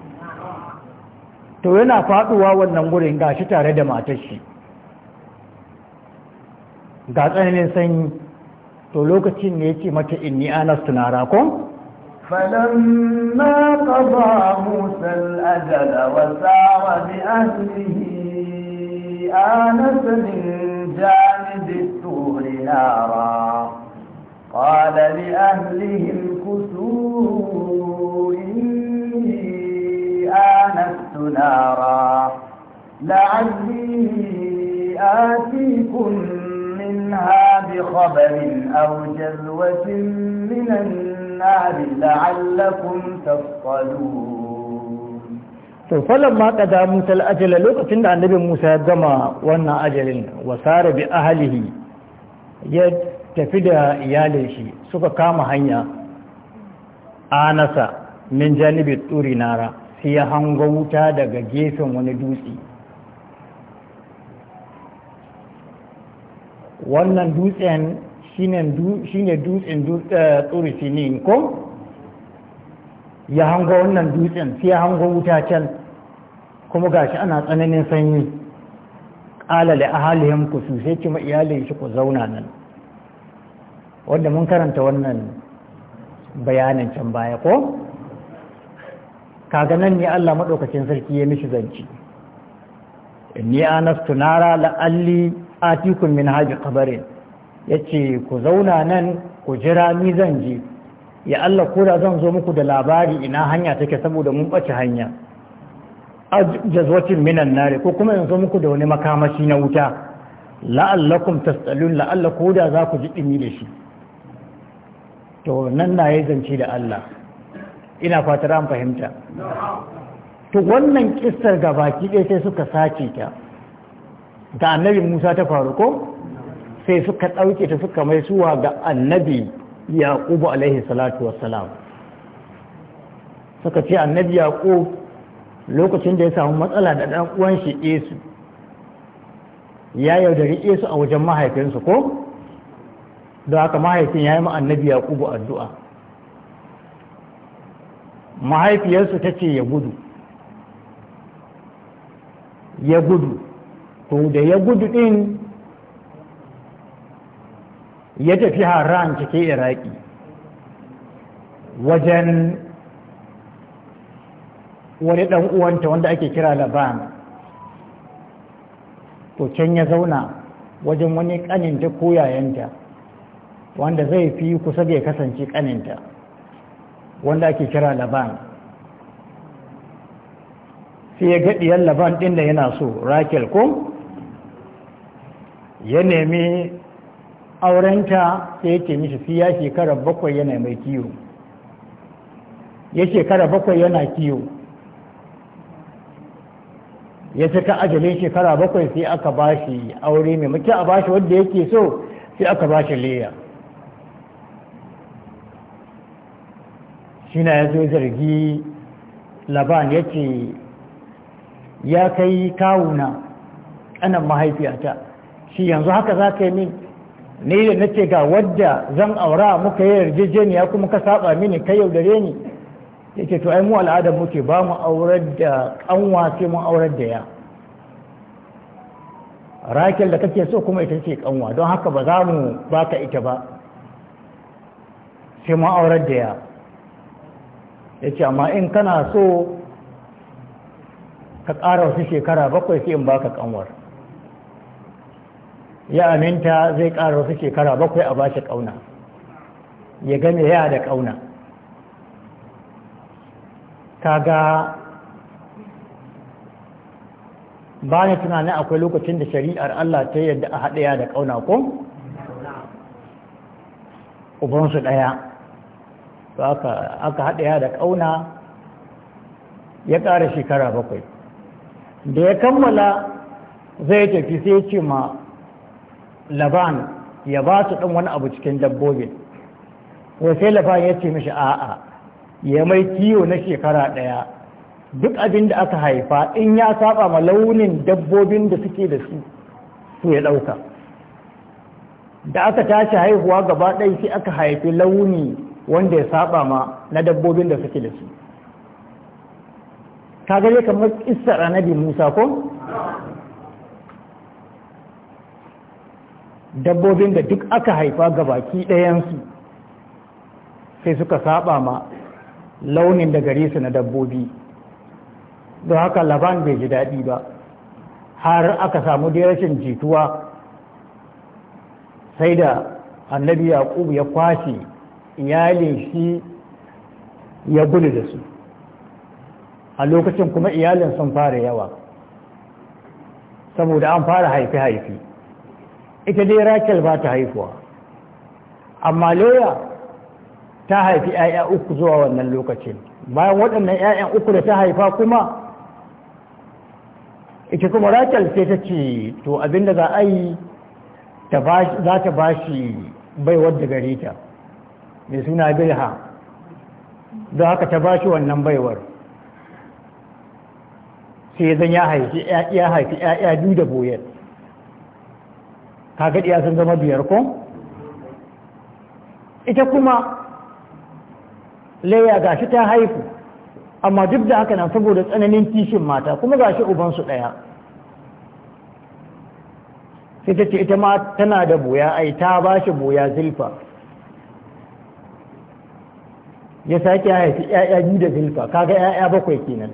Speaker 1: to yana faɗuwa wannan wurin gashi tare da matar shi ga tsananin sanyi to lokacin ne yake mata inni anas tunara
Speaker 2: ko فلما قضى موسى الأجل وسار بأهله آنس من جانب الطور نارا قال لأهلهم امكثوا إني آنست نارا لعلي آتيكم منها بخبر أو جذوة من النار لعلكم تصطلون
Speaker 1: to falamma qada Musa al-ajala lokacin da annabi Musa ya gama wannan ajalin wasara bi ahlihi ya tafi da iyalin shi suka kama hanya anasa min janibi turi nara sai ya hango wuta daga gefen wani dutse wannan dutsen shine dutsen eh, tsuri sinin ko ya hango wannan dutsen sai ya hango wuta can kuma gashi ana tsananin sanyi ƙala a ahalihim ku su sai kuma iyalin shi ku zauna nan wanda mun karanta wannan bayanin can baya ko kaga nan ne Allah maɗaukacin sarki ya mishi zanci ni anastu nara la'alli atikun min haji kabarin ya ce ku zauna nan ku jira ni zan je ya Allah koda zan zo muku da labari ina hanya take saboda mun ɓace hanya a jazwacin minan nare ko kuma in zo muku da wani makamashi na wuta la'allakum tas'alun la'alla koda za ku ji ɗumi da shi to nan na ya zance da Allah ina fatar an fahimta to wannan kistar ga baki ɗaya sai suka sake ta ga annabi musa ta faru ko sai suka ɗauke ta suka mai suwa ga annabi yaƙubu alaihi salatu wassalam suka ce annabi yaƙubu lokacin da ya samu matsala da ɗan uwan shi esu ya yaudari esu a wajen mahaifinsu ko don haka mahaifin ya yi ma annabi yaqubu addu'a mahaifiyarsu ta ce ya gudu ya gudu to da ya gudu din ya tafi haran cikin iraki wajen wani ɗan uwanta wanda ake kira laban to can ya zauna wajen wani ƙaninta ko yayanta wanda zai fi kusa da ya kasance kaninta wanda ake kira laban sai ya gaɗiyar laban ɗin da yana so rakel ko ya nemi aurenta sai ya ce mishi fi ya shekara bakwai yana mai kiwo ya shekara bakwai yana kiwo ya cika ajalin shekara bakwai sai aka bashi aure mai muke a bashi wadda yake so sai aka bashi leya shine ya zo zargi laban ya ce ya kai kawuna ƙanan mahaifiyata shi yanzu haka za ka yi min ne da ce ga wadda zan aura muka yi yarjejeniya kuma ka saba mini kai yaudare ni ce to ai mu al'adar muke ba mu aurar da kanwa sai mu aurar da ya rakel da kake so kuma ita ce kanwa don haka ba za mu baka ita ba sai mu aurar da ya ya ce amma in kana so ka ƙara wasu shekara bakwai sai in baka kanwar ya aminta zai ƙara wasu shekara bakwai a bashi ƙauna ya gane ya da ƙauna ga, ba ni tunanin akwai lokacin da shari'ar Allah ta yadda a haɗe ya da ƙauna ko? ubansu ɗaya to aka haɗa ya da ƙauna ya ƙara shekara bakwai da ya kammala zai tafi sai ce ma laban ya ba su ɗan wani abu cikin dabbobin wai sai laban ya ce mishi a'a ya mai kiwo na shekara ɗaya duk abin da aka haifa in ya saba ma launin dabbobin da suke da su su ya ɗauka da aka tashi haihuwa gaba ɗaya sai aka haifi launi wanda ya saba ma na dabbobin da suke da su ka gare kamar kissar annabi Musa ko dabbobin da duk aka haifa ga baki ɗayansu sai suka saba ma launin da gare su na dabbobi don haka laban bai ji daɗi ba har aka samu da rashin jituwa sai da annabi yaƙubu ya kwashe iyalin shi ya gudu da su a lokacin kuma iyalin sun fara yawa saboda an fara haifi-haifi ita dai rakel ba ta haifuwa amma loya ta haifi 'ya'ya uku zuwa wannan lokacin bayan waɗannan 'ya'yan uku da ta haifa kuma ita kuma rakel sai ta ce to abinda za a yi za ta ba shi baiwar da gare ta mai suna bilha don haka ta bashi wannan baiwar sai zan ya haifi ya haifi ya biyu da boyar kaga iya sun zama biyar ko ita kuma laya gashi ta haifu amma duk da haka nan saboda tsananin kishin mata kuma gashi ubansu ɗaya sai ta ce ita ma tana da boya ai ta ba shi boya zilfa ya sake haifi ‘ya'ya biyu da zilfa kaga ‘ya'ya bakwai kenan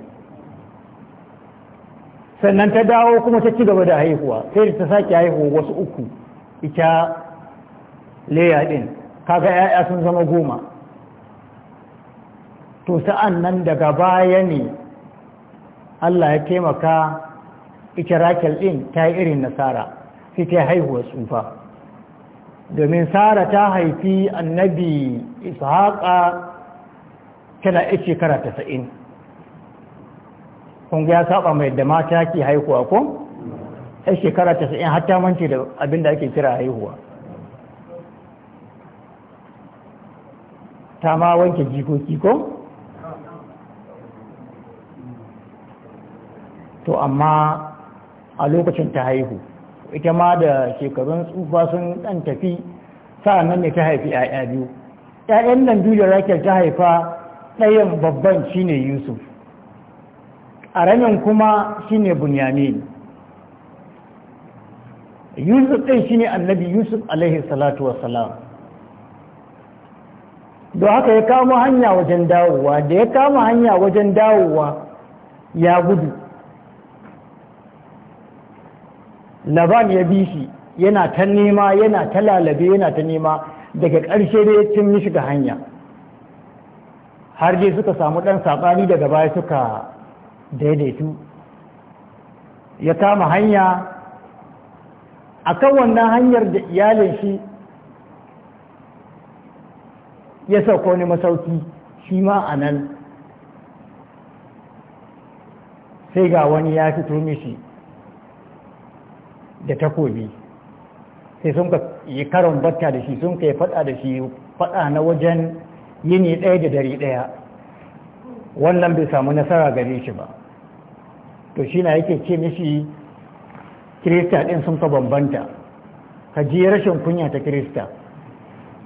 Speaker 1: sannan ta dawo kuma ta ci gaba da haihuwa sai ta sake haihuwa wasu uku ita leya din. kaga ‘ya'ya sun zama goma to sa'an nan daga baya ne Allah ya taimaka ita rakel ɗin ta yi irin nasara sai ta haihuwa tsufa domin sara ta haifi annabi ishaƙa tana ya shekara tasa'in kun ya saba mai da mata ke haihuwa ko ya shekara tasa'in har ta da abin da ake kira haihuwa ta ma wanke jikoki ko to amma a lokacin ta haihu ita ma da shekarun tsufa sun dan tafi sa'an nan ne ta haifi 'ya'ya biyu 'ya'yan nan biyu da rakel ta haifa ɗayan babban shine yusuf ƙaramin kuma shine bunyamin yusuf ɗin shine annabi yusuf alaihi salatu salam. don haka ya kama hanya wajen dawowa da ya kama hanya wajen dawowa ya gudu laban ya bi shi yana ta nema yana ta lalabe yana ta nema daga ƙarshe da ya cin mishi ga hanya har dai suka samu ɗan saɓani daga baya suka daidaitu ya kama hanya a kan wannan hanyar da iyalin shi ya sauko ne masauki shi ma a nan sai ga wani ya fito mishi da takobi sai sun ka yi karon batta da shi sun ka yi fada da shi fada na wajen yini ɗaya da dari ɗaya wannan bai samu nasara gare shi ba to shi na yake ce mishi kirista ɗin sun fa bambanta ka ji rashin kunya ta kirista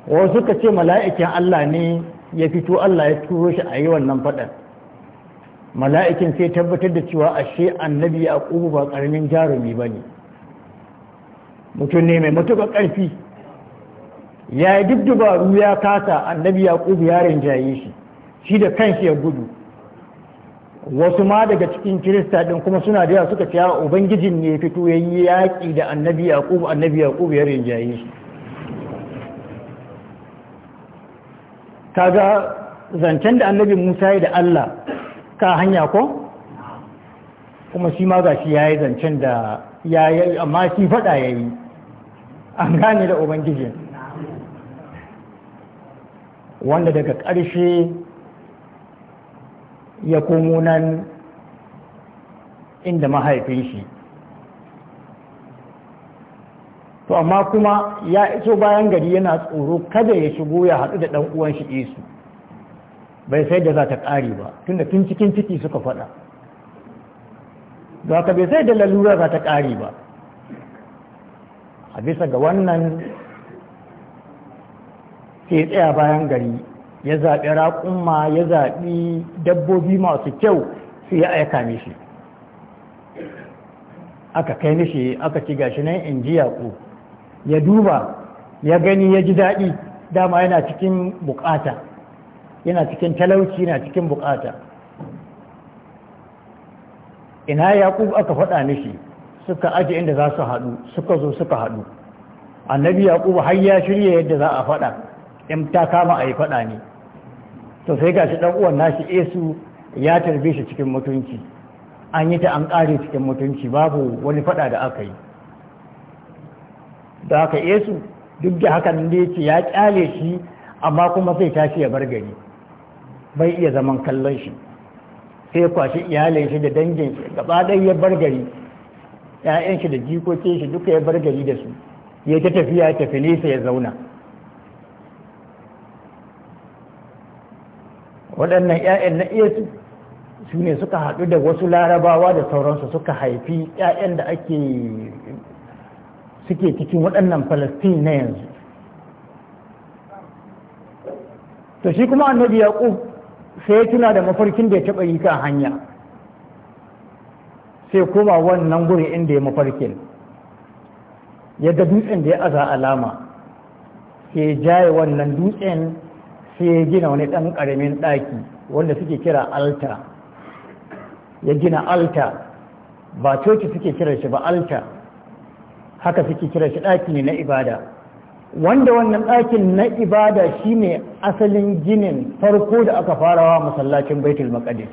Speaker 1: wasu ka ce mala'ikin Allah ne ya fito Allah ya turo shi a yi wannan faɗan. mala'ikin sai tabbatar da cewa ashe annabi ya ba ƙaramin jarumi ba ne mutum ne mai matuƙar ƙarfi ya duk dubaru ya kasa annabi yaqub ya rinjaye shi shi da kanshi ya gudu wasu ma daga cikin kirista din kuma suna da yawa suka ce ubangijin ne fito ya yi yaƙi da annabi yaqub annabi yaqub ya rinjaye shi kaga zancen da annabi musa ya da allah ka hanya ko kuma shi ma gashi ya yi zancen da ya yi amma shi faɗa ya yi an gane da ubangijin wanda daga ƙarshe ya komo nan inda mahaifin shi to amma kuma ya iso bayan gari yana tsoro kada ya shigo ya haɗu da ɗan'uwan shi isu bai sai da za ta ƙari ba tunda tun cikin ciki suka faɗa za ka bai sai da lalura za ta ƙari ba a bisa ga wannan sai tsaya bayan gari ya zaɓi raƙumma ya zaɓi dabbobi masu kyau sai ya aika mishi aka kai mishi aka ci gashi nan in ji yaƙo ya duba ya gani ya ji daɗi dama yana cikin bukata yana cikin talauci yana cikin bukata ina yaƙub aka faɗa mishi suka aji inda za su haɗu suka zo suka haɗu annabi yaƙub har ya shirya yadda za a faɗa in ta kama a yi faɗa ne to sai ga shi uwan nashi esu ya tarbe shi cikin mutunci an yi ta an ƙare cikin mutunci babu wani faɗa da aka yi da aka esu duk da hakan da ce ya ƙyale shi amma kuma zai tashi ya bar gari bai iya zaman kallon shi sai kwashi iyalin shi da dangin shi gaba ɗaya ya bar gari ‘ya'yan shi da jikokin shi duka ya bar gari da su ya ta tafiya tafi nesa ya zauna waɗannan 'ya'yan na iyasu su ne suka haɗu da wasu larabawa da sauransu suka haifi 'ya'yan da ake suke cikin waɗannan falastin na yanzu to shi kuma annabi yaƙu sai ya tuna da mafarkin da ya taɓa yi kan hanya sai koma wannan guri inda ya mafarkin yadda dutsen da ya aza alama sai jaye wannan dutsen sai ya gina wani ɗan ƙaramin ɗaki wanda suke kira alta ya gina alta ba coci suke kira shi ba alta haka suke kira shi ɗaki ne na ibada wanda wannan ɗakin na ibada shine asalin ginin farko da aka farawa masallacin baitul maqdis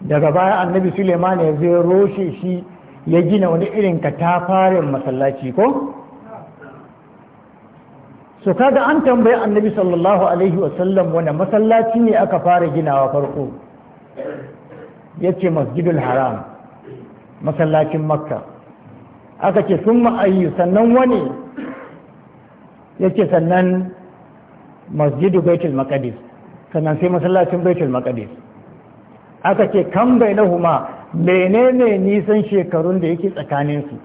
Speaker 1: daga baya annabi suleiman ya zai roshe shi ya gina wani irin katafarin masallaci ko so kaga an tambayi annabi sallallahu alaihi wasallam wani masallaci ne aka fara ginawa farko ya ce masjidul haram masallacin makka aka ce sun ma'ayyu sannan wani ya ce sannan masjidu baitul maqdis sannan sai masallacin baitul maqdis aka ce kan bai na huma menene nisan shekarun da yake tsakaninsu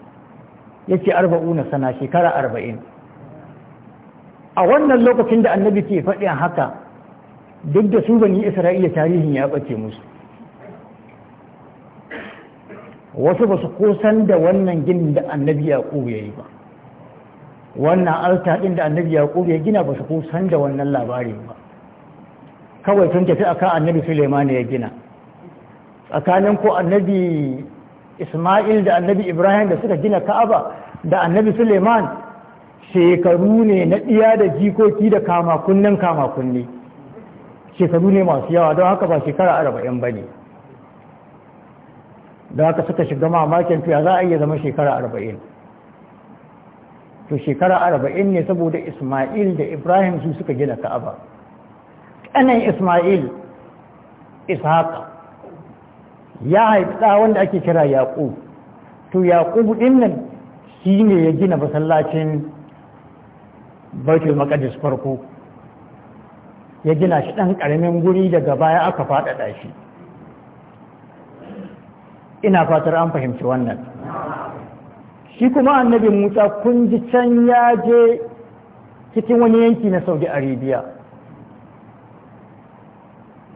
Speaker 1: ya ce arba'una sana shekara arba'in a wannan lokacin da annabi ke faɗi haka duk da su bani isra'ila tarihin ya ɓace musu wasu ba su san da wannan ginin da annabi ya ya yi ba wannan alta ɗin da annabi ya ya gina ba su san da wannan labarin ba kawai sun tafi a akan annabi suleiman ya gina tsakanin ko annabi isma'il da annabi ibrahim da suka gina ka'aba da annabi suleiman shekaru ne na ɗiya da jikoki da kama kunnen kama kunne shekaru ne masu yawa don haka ba shekara arba'in ba ne da haka suka shiga mamakin tuya za a iya zama shekara arba'in to shekara arba'in ne saboda ismail da ibrahim su suka gina ka'aba ƙanan ismail ishaq ya haifi ɗa wanda ake kira yaƙu to yaƙub ɗin nan shi ne ya gina masallacin baitul maqdis farko ya gina shi ɗan ƙaramin guri daga baya aka faɗaɗa shi ina fatar an fahimci wannan shi kuma annabi musa kun ji can ya je cikin wani yanki na saudi arabia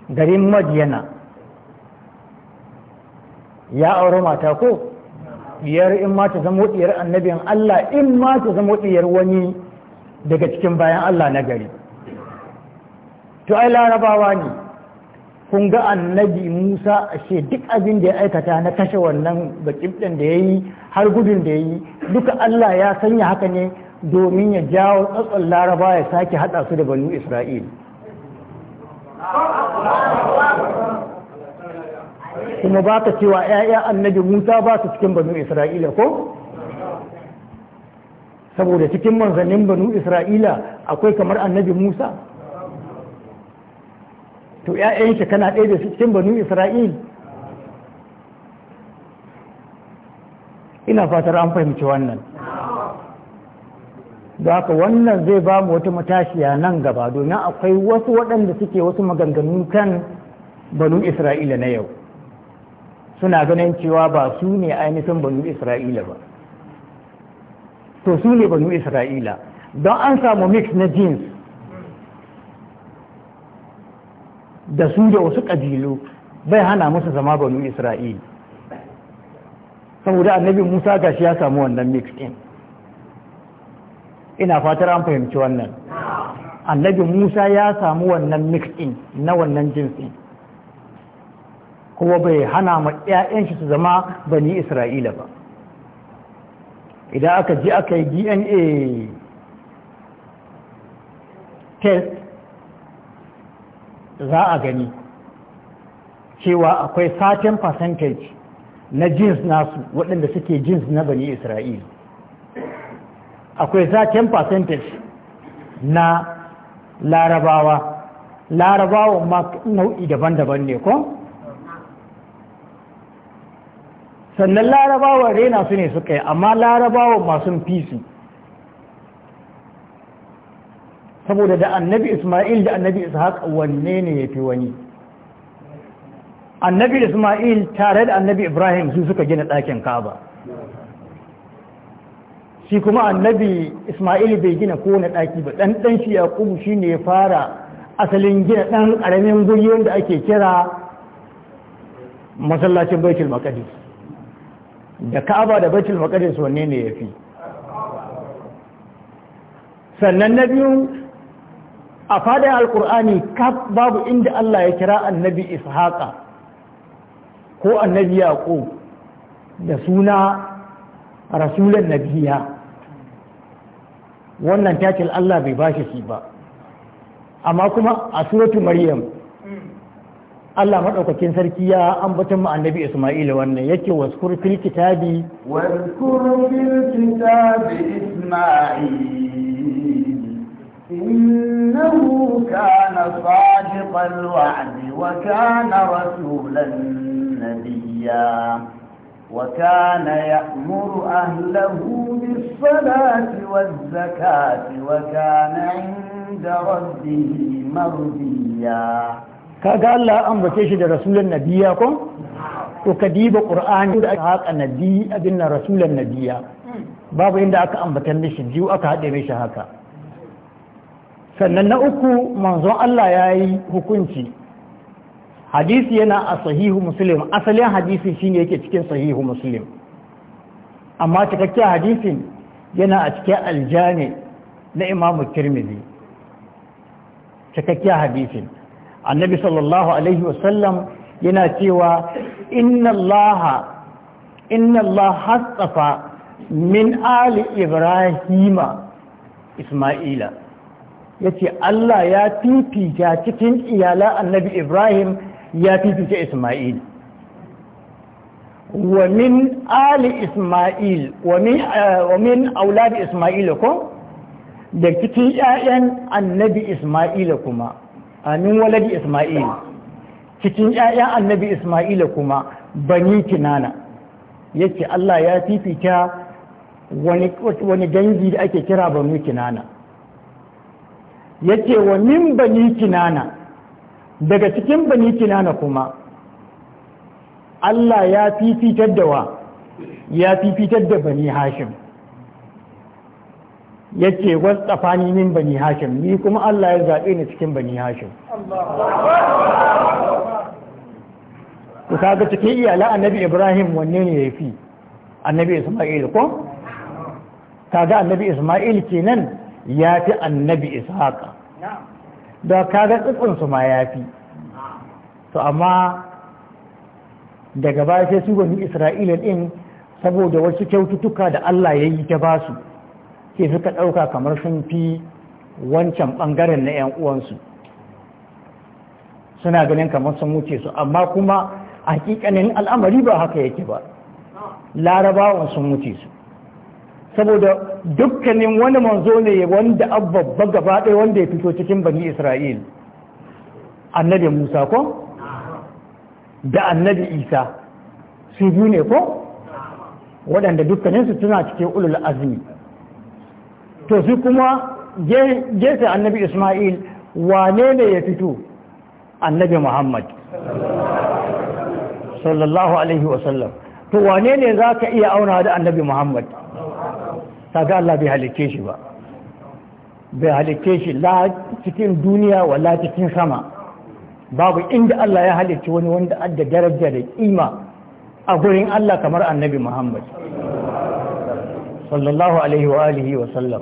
Speaker 1: garin madiyana ya aure mata ko biyar in ma ta zama diyar annabin allah in ma ta zama diyar wani daga cikin bayan Allah na gari to ai larabawa ne kun ga annabi Musa ashe duk abin da ya aikata na kashe wannan bakin da ya yi har gudun da ya yi duka Allah ya sanya haka ne domin ya jawo tsatson laraba ya sake haɗa su da banu Isra'il. kuma ba ta cewa ‘ya'ya annabi Musa ba su cikin banu Isra'ila ko? saboda cikin manzannin banu isra'ila akwai kamar annabi musa to ‘ya'yan shi kana ɗaya da cikin banu isra'il ina fatar an fahimci wannan da haka wannan zai ba mu wata matashiya nan gaba domin akwai wasu waɗanda suke wasu maganganu kan banu isra'ila na yau suna ganin cewa ba su ne ainihin banu isra'ila ba to su ne banu isra'ila don an samu mix na jeans da su da wasu ƙabilu bai hana musu zama banu isra'ila saboda annabi musa gashi ya samu wannan mix din ina fatar an fahimci wannan annabi musa ya samu wannan mix din na wannan jinsi kuma bai hana ma 'ya'yan shi su zama bani isra'ila ba idan aka ji aka yi dna test za a gani cewa akwai satin percentage na jins nasu waɗanda suke jins na bani isra'il akwai satin percentage na larabawa larabawa ma nau'i daban-daban ne ko
Speaker 3: sannan larabawa rena su ne
Speaker 1: suka yi amma larabawa masu fisi saboda da annabi ismail da annabi ishaq wanne ne ya fi wani annabi ismail tare da annabi ibrahim su suka gina ɗakin kaba shi kuma annabi ismail bai gina kowane ɗaki ba Ɗanɗanci shi shi yaƙubu shi ne ya fara asalin gina ɗan ƙaramin guri wanda ake kira masallacin baitul maqdis da ka'aba da baitul maqdis wanne ne yafi sannan na biyu a fadar alkur'ani kaf babu inda Allah ya kira annabi ishaqa ko annabi yaqub da suna rasulan nabiyya. wannan takin Allah bai bashi shi ba amma kuma a suratu maryam Allah maɗaukakin sarki ya ambatin mu annabi Ismail wannan yake waskur fil kitabi
Speaker 2: waskur fil kitabi Ismail innahu kana sadiqal wa'di wa kana rasulan nabiyya wa kana ya'muru ahlahu bis salati waz zakati wa kana 'inda rabbih
Speaker 1: mardiya kaga Allah ambace shi da rasulun nabiya ko to kadiba qur'ani da haka nabi abin na rasulun nabiya babu inda aka ambata mishi biyu aka hade mishi haka sannan na uku manzon Allah yayi hukunci hadisi yana a sahihu muslim asalin hadisi shine yake cikin sahihu muslim amma cikakken hadisin yana a cikin aljani na imamu tirmidhi cikakken hadisin annabi sallallahu alaihi wasallam yana cewa inna allaha inna hasafa min ali ibrahima isma'ila yace Allah ya fifita cikin iyalan annabi ibrahim ya fifita isma'il wa min ali isma'il wa min eh, wa min aulad isma'il ko da cikin 'ya'yan annabi isma'il kuma amin waladi isma'il cikin ƴaƴan annabi isma'ila kuma bani kinana yake Allah ya fifita wani dangi da ake kira bani kinana yake wa min bani kinana daga cikin bani kinana kuma Allah ya fifitar da wa ya fifitar da bani hashim yace tsafani min bani hashim ni kuma Allah ya zaɓe ni cikin bani hashim ku kaga cikin iyalan annabi Ibrahim wanne ne yafi annabi Isma'il ko kaga annabi Isma'il kenan ya fi annabi Ishaqa
Speaker 3: da kaga tsitsin su ma ya fi
Speaker 1: to amma daga baya sai su bani Isra'ila din saboda wasu kyaututtuka da Allah ya yi ta basu sai suka ɗauka kamar sun fi wancan ɓangaren na 'yan uwansu suna ganin kamar sun wuce su amma kuma a hakikanin al'amari ba haka yake ba larabawan sun wuce su saboda dukkanin wani manzo ne wanda abubba gaba ɗaya wanda ya fito cikin bani isra'il annabi musa ko da annabi isa su biyu ne ko waɗanda dukkaninsu suna cikin ulul azmi to su kuma gefe annabi ismail wane ne ya fito annabi muhammad sallallahu alaihi wasallam to wane ne za ka iya auna da annabi muhammad ta ga Allah bai halitte shi ba bai halitte shi la cikin duniya wala cikin sama babu inda Allah ya halitta wani wanda adda daraja da kima a gurin Allah kamar annabi Muhammad sallallahu alaihi wa alihi wa sallam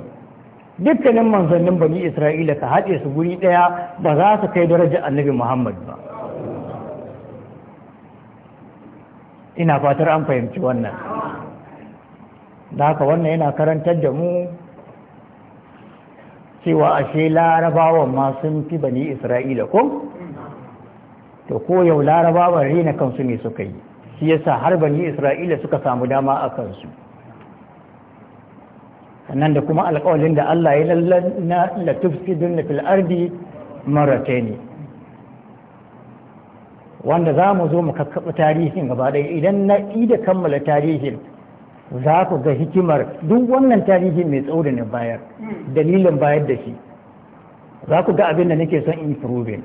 Speaker 1: dukkanin manzannin bani isra'ila ka haɗe su guri ɗaya ba za su kai darajar annabi muhammad ba ina fatar an fahimci wannan da haka wannan yana karantar da mu cewa ashe larabawan ma fi bani isra'ila ko to ko yau larabawan rena kansu ne suka yi shi yasa har bani isra'ila suka samu dama a kansu sannan da kuma alƙawalin da Allah ya lallan na na fil ardi ne. wanda za mu zo mu kakkaɓa tarihin gaba ɗaya idan na da kammala tarihin za ku ga hikimar duk wannan tarihi mai tsawo da na bayar dalilin bayar da shi za ku ga abin da nake son in improving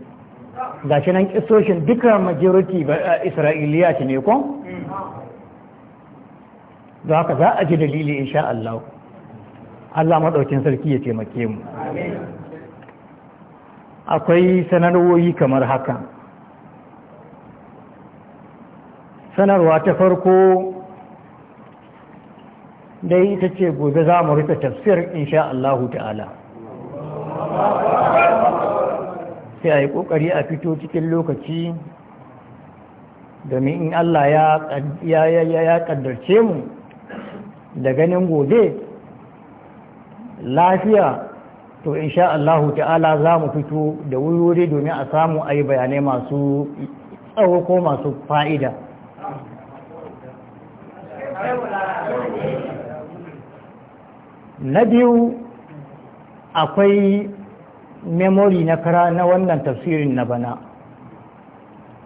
Speaker 1: ga shi nan kisoshin duka majority isra'iliya ne kwan? Mm. za ka za a ji dalili sha Allah Allah maɗaukin sarki ya taimake mu akwai sanarwoyi kamar haka sanarwa ta farko dai ita ce gobe za mu rufe tafsir insha Allahu ta'ala sai a yi ƙoƙari a fito cikin lokaci domin in Allah ya ƙaddarce mu da ganin gobe lafiya to insha Allah ta'ala za mu fito da wuri domin a samu a yi bayanai masu tsawo ko masu fa'ida na biyu akwai memory na kara na wannan tafsirin na bana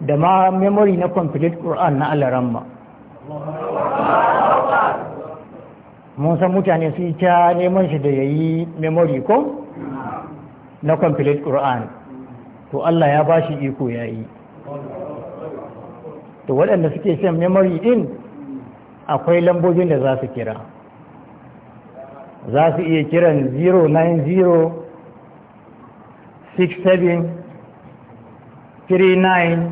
Speaker 1: da ma memory na complete Qur'an na alaramma mun san mutane su ta neman shi da ya yi memory ko na complete Qur'an to Allah ya ba shi iko ya yi to waɗanda suke shan memory ɗin akwai lambobin da za su kira za su iya kiran 090 67 39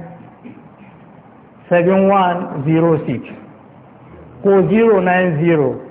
Speaker 1: 7106 ko 090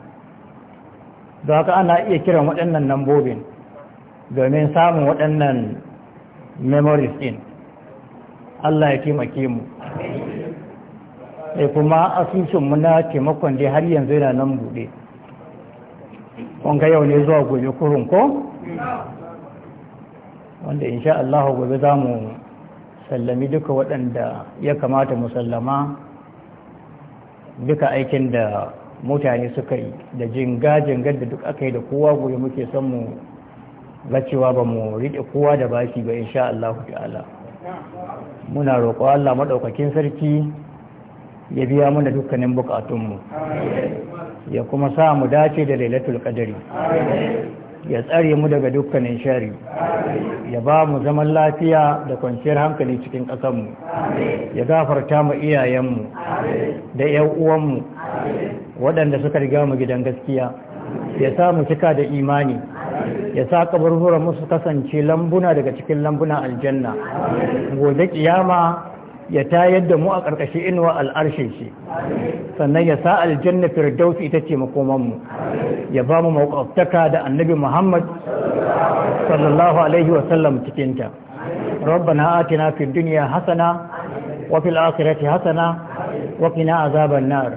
Speaker 1: don haka ana iya kiran waɗannan nambobin domin samun waɗannan memories ɗin Allah ya taimake mu sai kuma asusunmu na taimakon dai har yanzu yana nan buɗe Wanka yau ne zuwa gobe kurun ko? wanda insha Allah gobe za mu sallami duka waɗanda ya kamata mu sallama duka aikin da mutane suka yi da jinga-jingar da duk aka yi da kowa goyi muke son mu ga cewa ba mu riƙe kowa da bashi ba insha Allah ta'ala muna roƙo Allah maɗaukakin sarki ya biya mana dukkanin buƙatunmu ya kuma sa mu dace da lailatul qadari ya tsare mu daga dukkanin shari ya ba mu zaman lafiya da kwanciyar hankali cikin ƙasanmu ya gafarta mu iyayenmu da 'yan uwanmu waɗanda suka riga mu gidan gaskiya ya sa mu cika da imani ya sa kaburburan musu kasance lambuna daga cikin lambunan aljanna gobe ƙiyama. ya tayar da mu a ƙarƙashin inuwa al'arshen shi sannan ya sa aljanna firdaus ita ce makomanmu ya ba mu da annabi muhammad sallallahu alaihi wasallam cikinta rabbana atina fid dunya hasana wa fil akhirati hasana wa qina azaban nar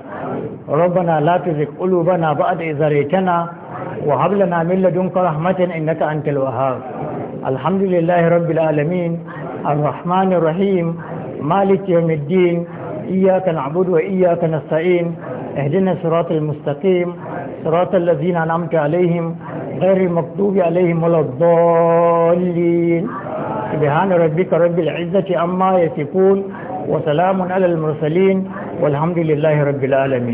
Speaker 1: rabbana la tuzigh qulubana ba'da idh tana, wa hab lana min ladunka rahmatan innaka antal wahhab alhamdulillahi rabbil alamin الرحمن الرحيم مالك يوم الدين إياك نعبد وإياك نستعين اهدنا صراط المستقيم صراط الذين أنعمت عليهم غير المكتوب عليهم ولا الضالين سبحان ربك رب العزة أما يصفون وسلام على المرسلين والحمد لله رب العالمين